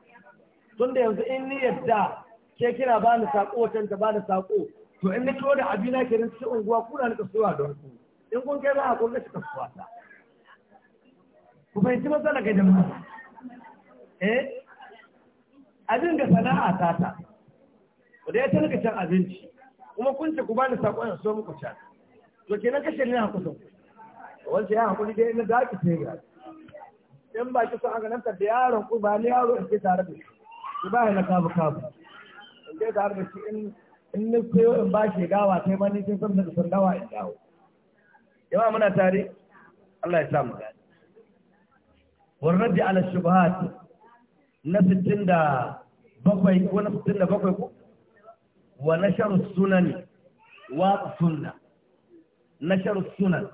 tun da yanzu in ni yadda ke kina ba ni sako can ta ba ni sako to in ni kawo da abina ke nan cikin unguwa kuna ni kasuwa don ku in kun kai ba a kun kashi kasuwa ta ku fahimci matsala ga jama'a eh abin da sana'a ta ta da yace ta nika can abinci kuma kun ce ku bani sako in so muku can to kenan kashe ne haka kusa. wanda ya hakuri dai na zaki sai ga in ba ki son aka nan da yaron ku ba ni yaro in ke tare da shi ki ba na kabu kabu in ke tare da shi in in ne sayo in ba shi gawa sai ma ni sai san da dawa in dawo yawa muna tare Allah ya sa mu gani warraddi ala shubuhat na 67 ko na 67 ko wa nashar sunan watsa sunna nashar sunan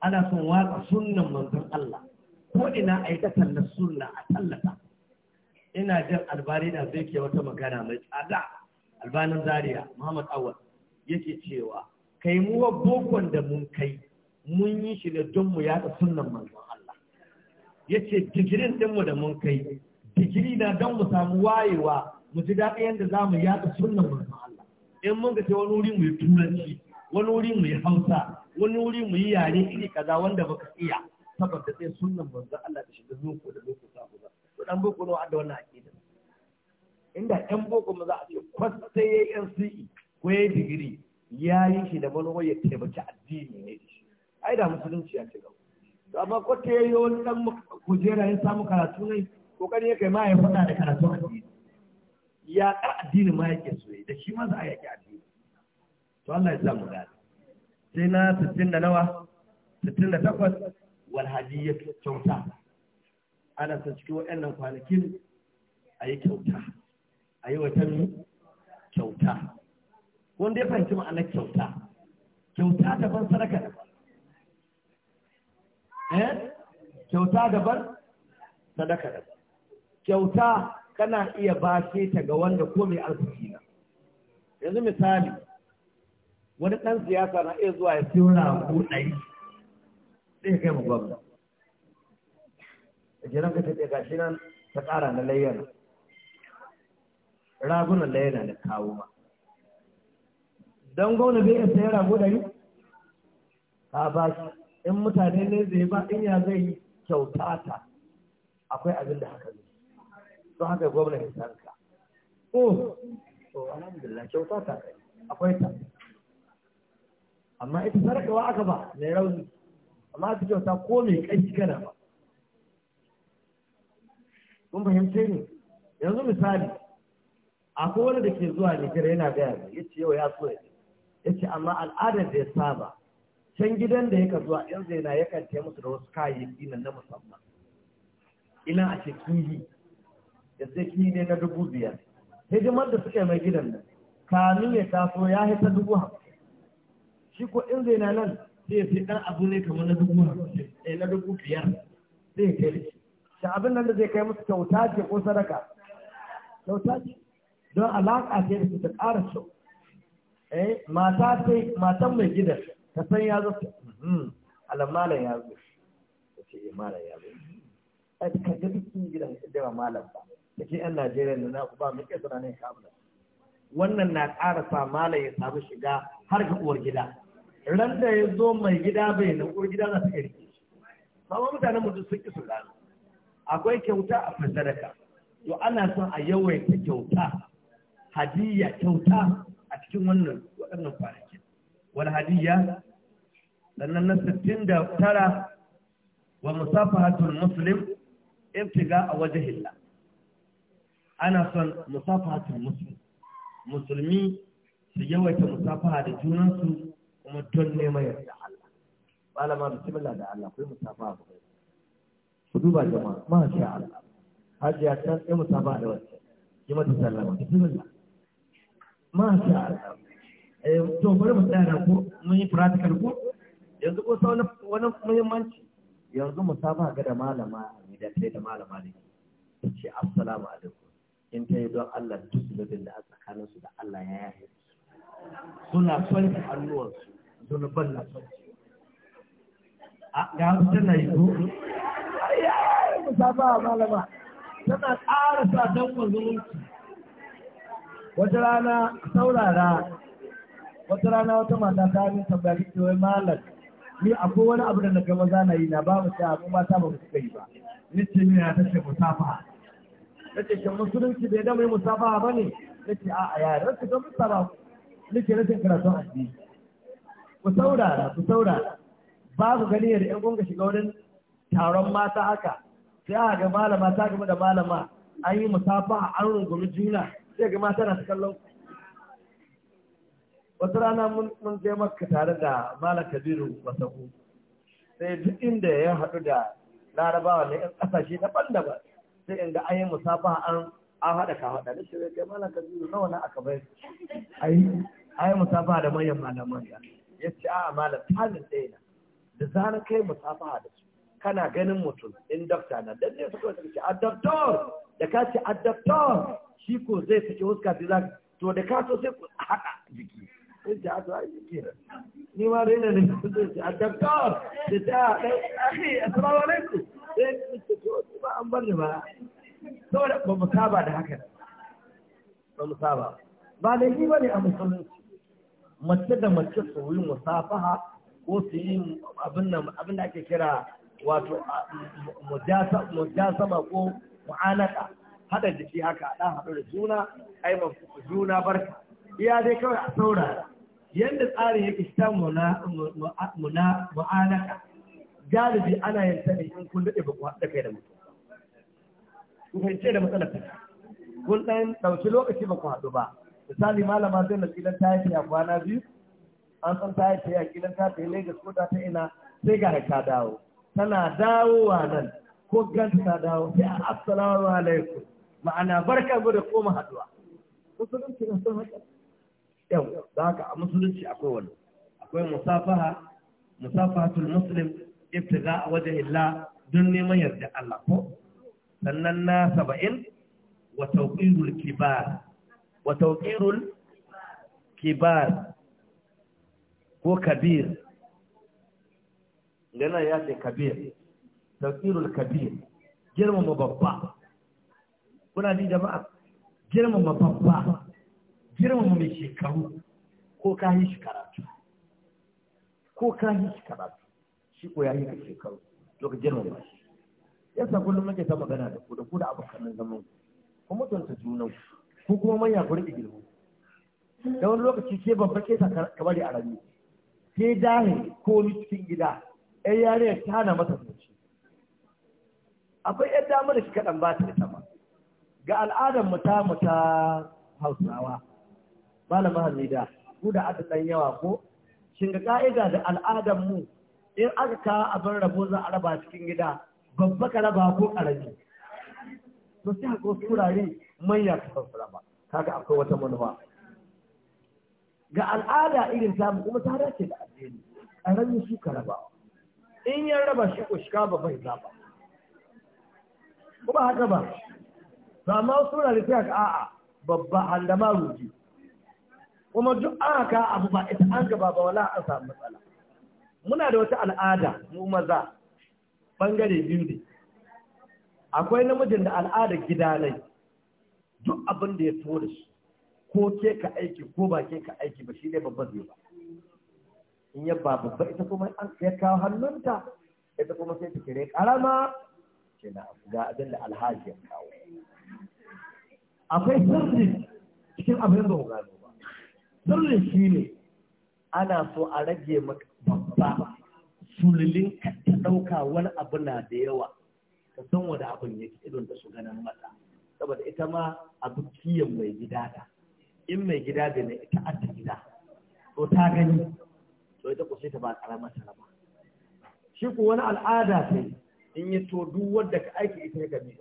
ana son watsa sunnan manzon Allah ko ina ai ta sunna a tallata ina jin albari da zai ke wata magana mai tsada albanin zaria Muhammad Awal yake cewa kai mu wa bokon da mun kai mun yi shi da don mu yaɗa sunnan manzon Allah yace digirin mu da mun kai digiri na don mu samu wayewa mu ji daɗi yadda za mu yaɗa sunnan manzon in mun ga wani wuri mai turanci wani wuri mu hausa wani wuri mu yare iri kaza wanda baka iya saboda sai sunan manzo Allah da shiga zuwa da lokacin sabo ba to dan boko ne da wannan aqida inda dan boko mu za a ce kwas sai yayi NCE ko yayi digiri ya yi shi da manuwa ya taimaki addini ne da shi ai da musulunci ya ce gaba to amma ko ta yayi wani dan kujera ya samu karatu ne kokari ya kai ma ya faɗa da karatu addini ya kar addini ma yake so da shi ma za a yake addini to Allah ya sa mu gani sai na 69 68 wal hadiyya kyauta ana san cikin waɗannan kwanakin a yi kyauta a yi watan kyauta wanda ya fahimci ma'anar kyauta kyauta daban sadaka daban eh kyauta daban sadaka daban kyauta kana iya bashe ta ga wanda ko mai arziki na yanzu misali wani ɗan siyasa na iya zuwa ya tura rago ɗari sai kai mu gwamna a jiran ka ɗaya gashi nan ta ƙara na layyana ragunan layyana na kawo ma don gwamna bai iya ya rago ɗari ka ba shi in mutane ne zai ba in ya zai kyauta kyautata akwai abin da haka zai don haka gwamna ya sarka oh oh, alhamdulillah kyauta ta kai akwai ta amma ita sarkawa aka ba mai rauni amma ta kyauta ko mai kanki kana ba kun fahimce ni yanzu misali akwai wani da ke zuwa Nijar yana gaya ne ya ce yau ya so ya ce amma al'adar da ya saba can gidan da yaka zuwa yanzu yana yakan taimaka da wasu kayayyaki na musamman ina a ce ya sai ki ne na dubu biyar hidimar da suka yi mai gidan nan kamin ya taso ya haita dubu hamsin shi ko in zai na nan sai ya sai dan abu ne kamar na dubu hamsin eh na dubu biyar sai ya kai shi abin nan da zai kai musu kyauta ce ko sadaka kyauta ce don alaƙa ce da su ta ƙara kyau eh mata sai matan mai gidan ta san ya zo hmm, alamalan ya zo ce eh, malam ya zo ai ka ga dukkan gidan da malam ba da 'yan Najeriya da naku ba mu ƙesa ranar shabla. Wannan na ƙara sa mala ya samu shiga har ga uwar gida. Ran da ya zo mai gida bai na uwar gida za su iya rike shi. Sama mutanen sun ƙi su gano. Akwai kyauta a fasadaka. To ana son a yawaita kyauta, hadiyya kyauta a cikin wannan waɗannan kwanakin. Wani hadiyya sannan na sittin da tara wa musafahatul muslim ibtiga a hilla. ana son musafahatul muslim musulmi su yawaita musafaha da junansu kuma don neman yarda Allah malama bismillah da Allah kai musafaha ku ku duba jama'a ma sha Allah ya ta yi musafaha da wacce yi mata sallama bismillah ma sha Allah eh to bari mu tsaya ko mun yi practical ko yanzu ko sau wani muhimmanci yanzu musafaha ga da malama ne da da malama ne ce assalamu alaikum in ta yi don Allah duk zunubin da a tsakaninsu da Allah ya yaye su suna son hannuwansu zunuban na son ga su tana yi zo a malama tana ƙara sa don zumunci wata rana saurara wata rana wata mata ta yi tambaya kike wai malam ni akwai wani abu da na ga maza na yi na ba mu ta mu mata ba mu suka yi ba ni ce ni na tashi musafa na shin musulunci bai da mai musafaha ba ne na ce a'a ya rasu don ku. nake rashin karatun addini ku saurara ku saurara babu gani da yan gunga shiga wurin taron mata haka sai a ga malama ta gaba da malama an yi a an rungumi juna sai ga mata na kallon wata rana mun je maka tare da malam kabiru wasaku sai duk inda ya haɗu da larabawa ne yan ƙasashe daban-daban sai in ga an yi musafa an haɗa ka haɗa da shirya kai malam kabiru nawa na aka bai ayi ayi musafa da manyan malaman da ya ce a'a malam talin ɗaya na da zarar kai musafa da su kana ganin mutum in dokta na dan ne suka ce a doktor da ka ce a doktor shi ko zai fice huska ta za to da ka so sai ku haɗa jiki sai ce a to ai jiki ni ma rena ne ne sai ce a doktor sai ta a ɗai assalamu alaikum sai eh, ce to ba an bar ni ba saboda ba mu saba da haka ba mu saba ba da yi ne a musulunci mace da mace su yi musafaha ko su yi abin da ake kira wato mujasama ko mu'anaka Haɗa jiki haka a ɗan haɗu da juna a ai juna barka iya dai kawai a saurara yadda tsarin yake ta mu'anaka galibi ana yin ta ne in kun daɗe ba ku haɗa kai da mutum ku fahimce da matsalar ta kun ɗan ɗauki lokaci ba ku haɗu ba misali malama zai na gidan ta yi a kwana biyu an san ta yi a gidan ta yi Lagos ko ta ina sai ga ta dawo tana dawowa nan ko ganta ta dawo sai a assalamu alaikum ma'ana barka mu da koma haɗuwa musulunci na son haka yau da haka a musulunci akwai wani akwai musafaha musafahatul muslim ibtiga a wajen illa don neman yarda Allah ko sannan na saba'in wa tauƙirul kibar wa tauƙirul kibar ko kabir gana ya ce kabir tauƙirul kabir girmama babba kuna ji jama'a girmama babba girmama mai shekaru ko kayan shi karatu ko kayan shi karatu shi ko ya yi ka shekaru to ka ba shi Ya sa kullum ke ta magana da ku da ku da abokan zaman ku mutunta junan ku kuma manya ku riƙe girma da wani lokaci ke babba ke ka kamar a rami ke dahe ko ni cikin gida ɗan yare ta hana masa zuci akwai ƴan damar da shi kaɗan ba ta ita ma ga al'adar mu ta mu ta hausawa malama hamida ku da aka ɗan yawa ko shin ga ƙa'ida da al'adar mu in aka kawo abin rabo za a raba cikin gida babba ka raba ko karami to sai haka wasu wurare manya ka san ba, raba kaga akwai wata manufa ga al'ada irin ta kuma ta dace da addini karami su ka raba in ya raba shi ko shika ba bai zaba kuma haka ba Za ma wasu wurare sai ka a'a babba handama ruji kuma duk aka abu ba ita an gaba ba wala an samu matsala muna da wata al'ada mu maza bangare biyu ne akwai namijin da al'ada gida ne duk abin da ya taho da shi ko ke ka aiki ko ba ke ka aiki ba shi ne babban zai ba in ya ba babba ita kuma an ya kawo hannunta ita kuma sai ta kire karama ke na ga abin da alhaji ya kawo akwai sirri cikin abin da ba sirri shi ne ana so a rage maka babba sulilin ta ɗauka wani abu na da yawa ka san wani abin yake irin da su ganin mata saboda ita ma abu kiyan mai gida ta in mai gida da ne ita an ta gida to ta gani to ita ku sai ta ba karamar ta ba shi ku wani al'ada sai in yi to duk wanda ka aiki ita ya gami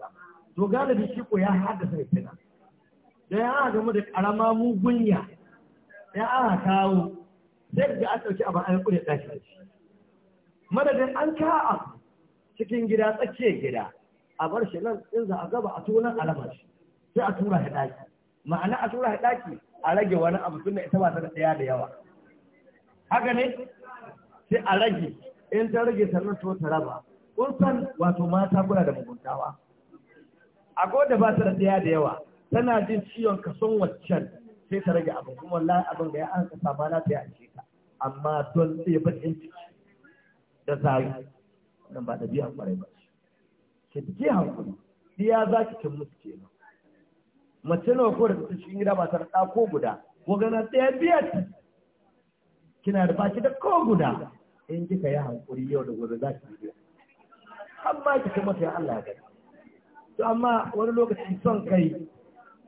to galibi shi ku ya haddasa fitina da ya game da karama mugunya ya aka kawo zai ga an ɗauki abin an ƙure ɗaki da shi madadin an ka'a cikin gida tsakiyar gida a bar shi nan in za a gaba a tunan alamar shi sai a tura ɗaki ma'ana a tura ɗaki a rage wani abu tun da ita ba ta da ɗaya da yawa haka ne sai a rage in ta rage sannan to ta raba kun san wato mata kula da muguntawa a da ba ta da ɗaya da yawa tana jin ciwon kason waccan sai ka rage abin kuma wallahi abin da ya an ka sama na ta ya ce ka amma don tsaye bakin ciki da zai nan ba ɗabi'a kwarai ba ce ke hankali iya za ki kin musu kenan mace nawa ko da ta cikin gida ba ta da ko guda ko gana ɗaya biyar kina da baki da ko guda in kika yi hankuri yau da gobe za ki yi amma ki kuma sai Allah ya gani to amma wani lokaci son kai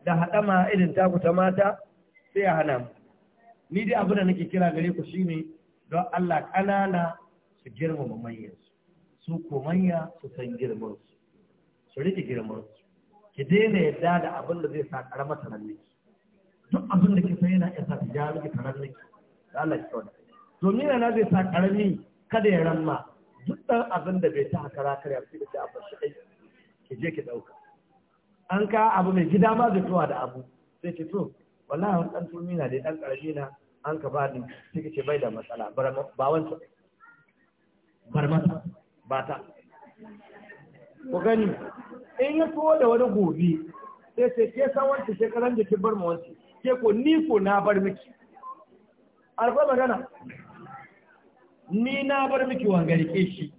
da haɗama irin taku ta mata sai ya hana mu ni dai abin da nake kira gare ku shine don Allah ƙanana su girmama manyan su ko manya su san girmansu su rike su ki daina yadda da abin da zai sa karamar taranniki duk abin da ki san yana isa ta ja miki taranniki da Allah ki kawai domin yana zai sa karami kada ya ramma duk ɗan abin da bai ta hakara kare abin da ke a bashi ai ki je ki ɗauka an ka abu mai gida ma zai zuwa da abu sai ki to wallahi dan turmi na dai dan karami na an ka bani kike ce bai da matsala ba wancan bar mata ba ta Ko gani in ya so da wani gobe sai sai ke san wancan karan da ke bar ma wancan ke ko ni ko na bar miki alfa magana ni na bar miki wangarike shi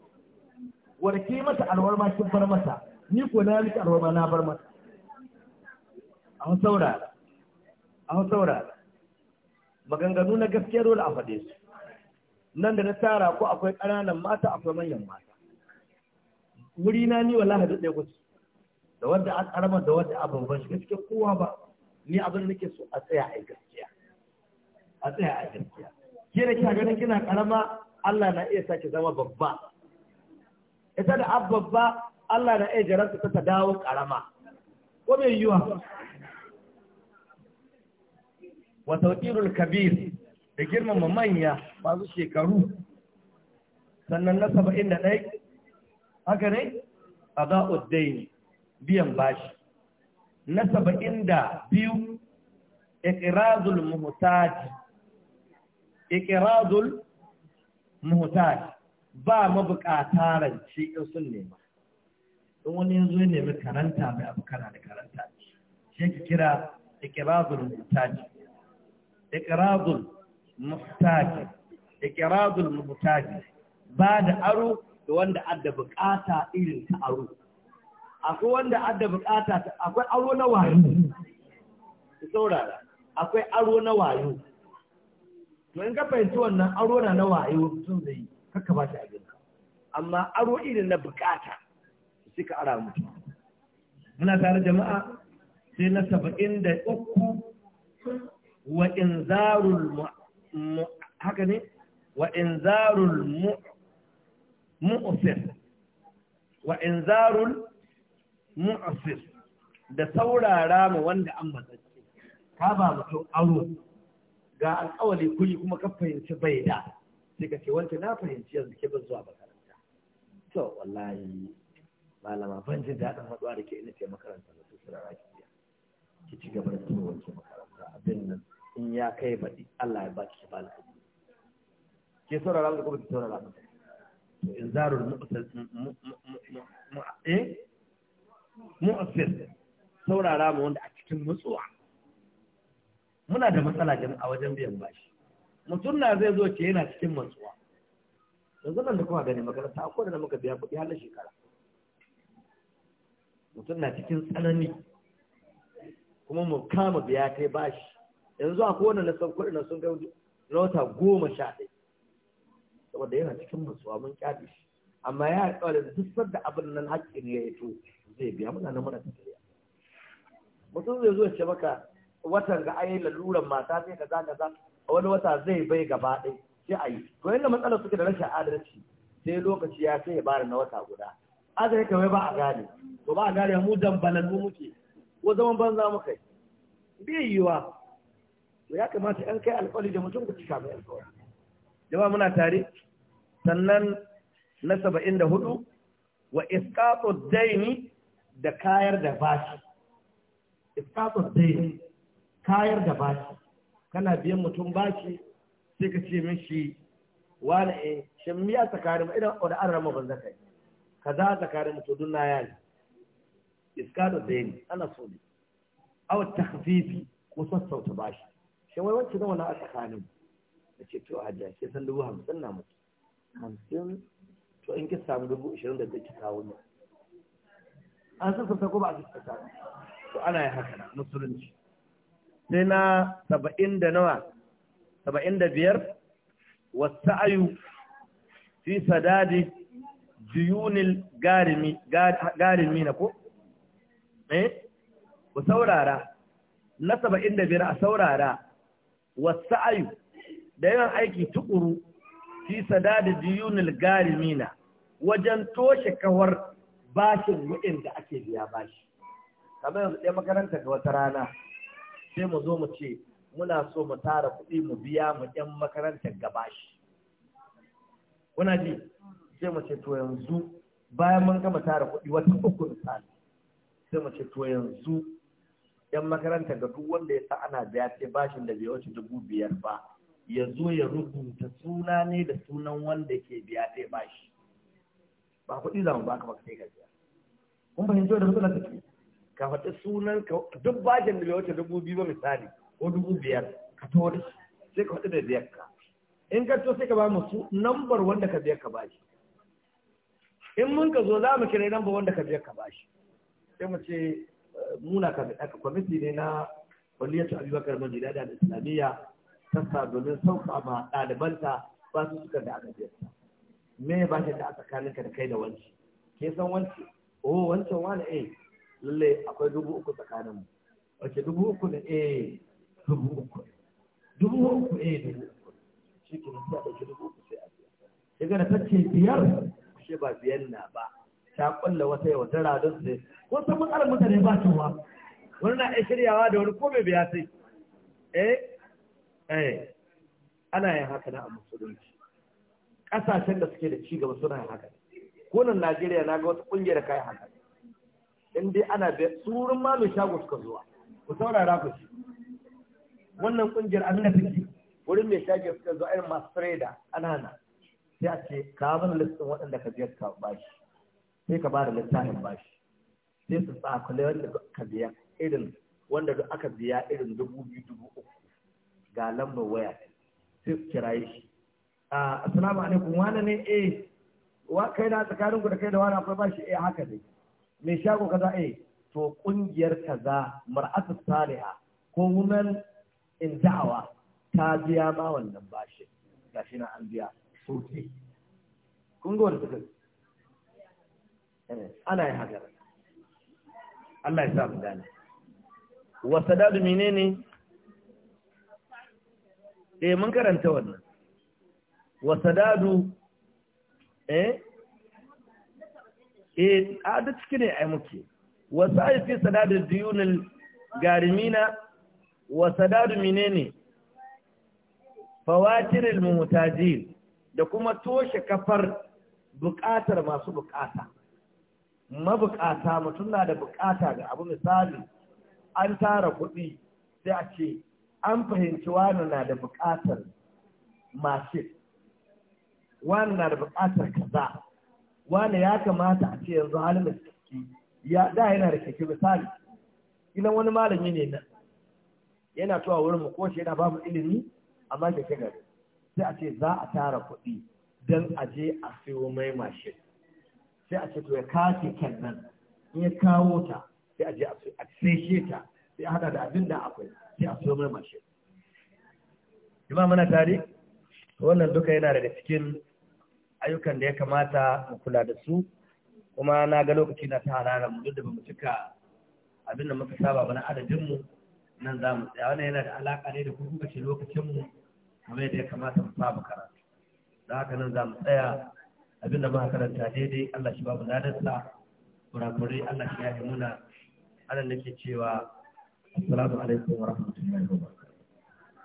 warke masa alwar ma kin bar masa? ni ko na miki alwar ma na bar masa. an saurara an saurara maganganu na gaskiya dole a faɗe su nan da na tara ko akwai ƙananan mata akwai manyan mata wuri na ni wala hadu ɗaya kusa da wanda a ƙaramar da wanda a babban shi gaskiya kowa ba ni abin da nake so a tsaya a gaskiya a tsaya a gaskiya ke da ke ganin kina ƙarama Allah na iya sake zama babba ita da abba Allah na iya jaranta ta dawo ƙarama ko mai yiwa wa tawqirul kabir da girmama manya masu shekaru sannan na 71 haka ne a za'uddai biyan bashi na 72 da biyu ikirazul muhtaj ikirazul muhtaji ba mabukata shi in sun nema don wani yanzu ya nemi karanta mai abu kana da karanta shi ke kira ikirazul muhtaj iqradul muhtaj ba da aro da wanda adda bukata irin ta aro akwai wanda adda bukata akwai aro na wayo ku saurara akwai aro na wayo to in ka fahimci wannan aro na na wayo mutum zai kakka ba shi abin amma aro irin na bukata suka ara mutum muna tare jama'a sai na saba'in da uku wa inzarul haka ne wa inzarul mu'sir wa inzarul mu'sir da saurara ma wanda an matsatsi ka ba mutum aro ga alƙawali kuli kuma ka fahimci bai da sai ka ce wanda na fahimci yanzu ke ban zuwa makaranta to wallahi malama ban jin daɗin haɗuwa da ke ina ce makaranta da su sirara ki ci gaba da tsoron makaranta abin nan in ya kai baɗi Allah ya baki shi bala ke saurara mata kuma ke saurara mata to in zarur mu'asir eh? saurara mu wanda a cikin nutsuwa muna da matsala a wajen biyan bashi mutum na zai zo ce yana cikin matsuwa yanzu nan da kuma gani makaranta a kowane da muka biya kuɗi har shekara mutum na cikin tsanani kuma mu kama biya kai bashi yanzu a kowane na san kuɗi na sun ga rota goma sha ɗaya saboda yana cikin musuwa mun kyaɗe shi amma ya alƙawarin duk sadda abin nan haƙƙin ya yato zai biya muna nan muna tafiya mutum zai zo ya ce maka watan ga ayi laluran mata sai kaza kaza a wani wata zai bai gaba ɗaya sai a yi to yadda matsalar suke da rashin adalci sai lokaci ya sai ya bari na wata guda azai kawai ba a gane to ba a gane mu dambalan mu muke ko zaman banza muka yi bai yiwa to ya kamata an kai alƙawari da mutum kuci cika mai alƙawari jama'a muna tare sannan na saba'in da hudu wa iskatu daini da kayar da bashi iskatu daini kayar da bashi kana biyan mutum bashi sai ka ce mishi wani e, eh, shin miya tsakanin idan da an rama Ka za kaza tsakanin to dun na yayi iskatu daini ana so ne aw takhfifi ko sassauta bashi sai wai wacce zama na a tsakanin na ce to hajiya ke san dubu hamsin na mutu hamsin to in ki samu dubu ashirin da zai kawo ne an sassa ko ba a sassauta to ana yi haka musulunci sai na saba'in da nawa saba'in da biyar wasu ayu fi sadadi jiyunil garimi na ko? eh ku saurara na saba'in da biyar a saurara wasa'ayu da yawan aiki tukuru fi da diyunil garimina wajen toshe kawar bashin da ake biya bashi kamar yanzu ɗaya makaranta ga wata rana sai mu zo mu ce muna so mu tara kuɗi mu biya mu ɗan makarantar ga bashi kuna ji sai mu ce to yanzu bayan mun gama tara kuɗi wata uku misali sai mu ce to yanzu yan makaranta ga duk wanda ya sa ana biya sai bashin da bai wuce dubu biyar ba ya zo ya rubuta suna ne da sunan wanda ke biya sai bashi ba kuɗi za mu baka maka sai ka biya kun fahimci da matsalar take ka faɗi sunan ka duk bashin da bai wuce dubu biyu ba misali ko dubu biyar ka to da sai ka faɗi da biyar ka in ka to sai ka ba mu su nambar wanda ka biyar ka bashi in mun ka zo za mu kira nambar wanda ka biyar ka bashi sai mu ce muna kafin kwamiti ne na kwalliyar ta abubakar majida da islamiyya sassa domin sauka ma ɗalibanta ba su suka da aka ziyarta me ba shi da a tsakaninka da kai da wanci ke san wanci oh wancan wani eh lalle akwai dubu uku tsakanin mu wace dubu uku ne eh dubu uku dubu uku eh dubu uku shi ke nasi a ɗauki dubu uku sai a biya. ga da ta ce biyar, shi ba biyan na ba, ta kulla wata yau ta radon sai ko san matsalar mutane ba su wa wani na iya shiryawa da wani ko biya sai eh eh ana yin haka na a musulunci kasashen da suke da ci gaba suna yin haka ko nan Najeriya na ga wata kungiyar kai haka in dai ana da tsurin malu shago suka zuwa ku saurara ku shi wannan kungiyar an take wurin mai shago suka zuwa irin masu trader ana na sai a ce ka mana listin waɗanda ka je ka bashi sai ka ba da littafin bashi sai su sa kula wanda ka biya irin wanda duk aka biya irin dubu biyu dubu uku ga lambar waya sai su kira shi ah, assalamu alaikum wani ne eh wa kai na tsakanin ku da kai da wani akwai bashi eh haka ne mai shago kaza eh to kungiyar kaza mar'atu saliha ko wunan in da'awa ta biya ma wannan bashi. gashi na an biya sosai kun ga wanda ana yin haka Allah ya sa mu gane sadadu menene eh mun karanta wannan sadadu eh eh a da ciki ne ai muke sai fi sadadu diyunil garimina Wa sadadu menene fawatiril muhtajin da kuma toshe kafar buƙatar masu buƙata mabukata mutum na da bukata ga abu misali an tara kuɗi sai a ce an fahimci wani na da bukatar mashin wani na da bukatar kaza wani ya kamata a ce yanzu halin da suke ya da yana da keke misali ina wani malami ne nan yana tuwa wurin mu ko shi yana babu ilimi amma ke gari sai a ce za a tara kuɗi don a je a siyo mai mashin sai a ce to ya kace kyan nan in ya kawo ta sai a je a feshe ta sai a hada da abin da akwai sai a siyo mai mashin jima mana tare wannan duka yana daga cikin ayyukan da ya kamata mu kula da su kuma na ga lokaci na ta harara mu duk da mu cika abin da muka saba bana adadin mu nan za mu tsaya wannan yana da alaka ne da kuma lokacin mu kamar yadda ya kamata mu saba karatu da haka nan za mu tsaya Abin abinda muka karanta daidai Allah shi babu ladarsa kurakurai Allah shi ya yi muna ana nake cewa assalamu alaikum wa rahmatullahi wa barakatuh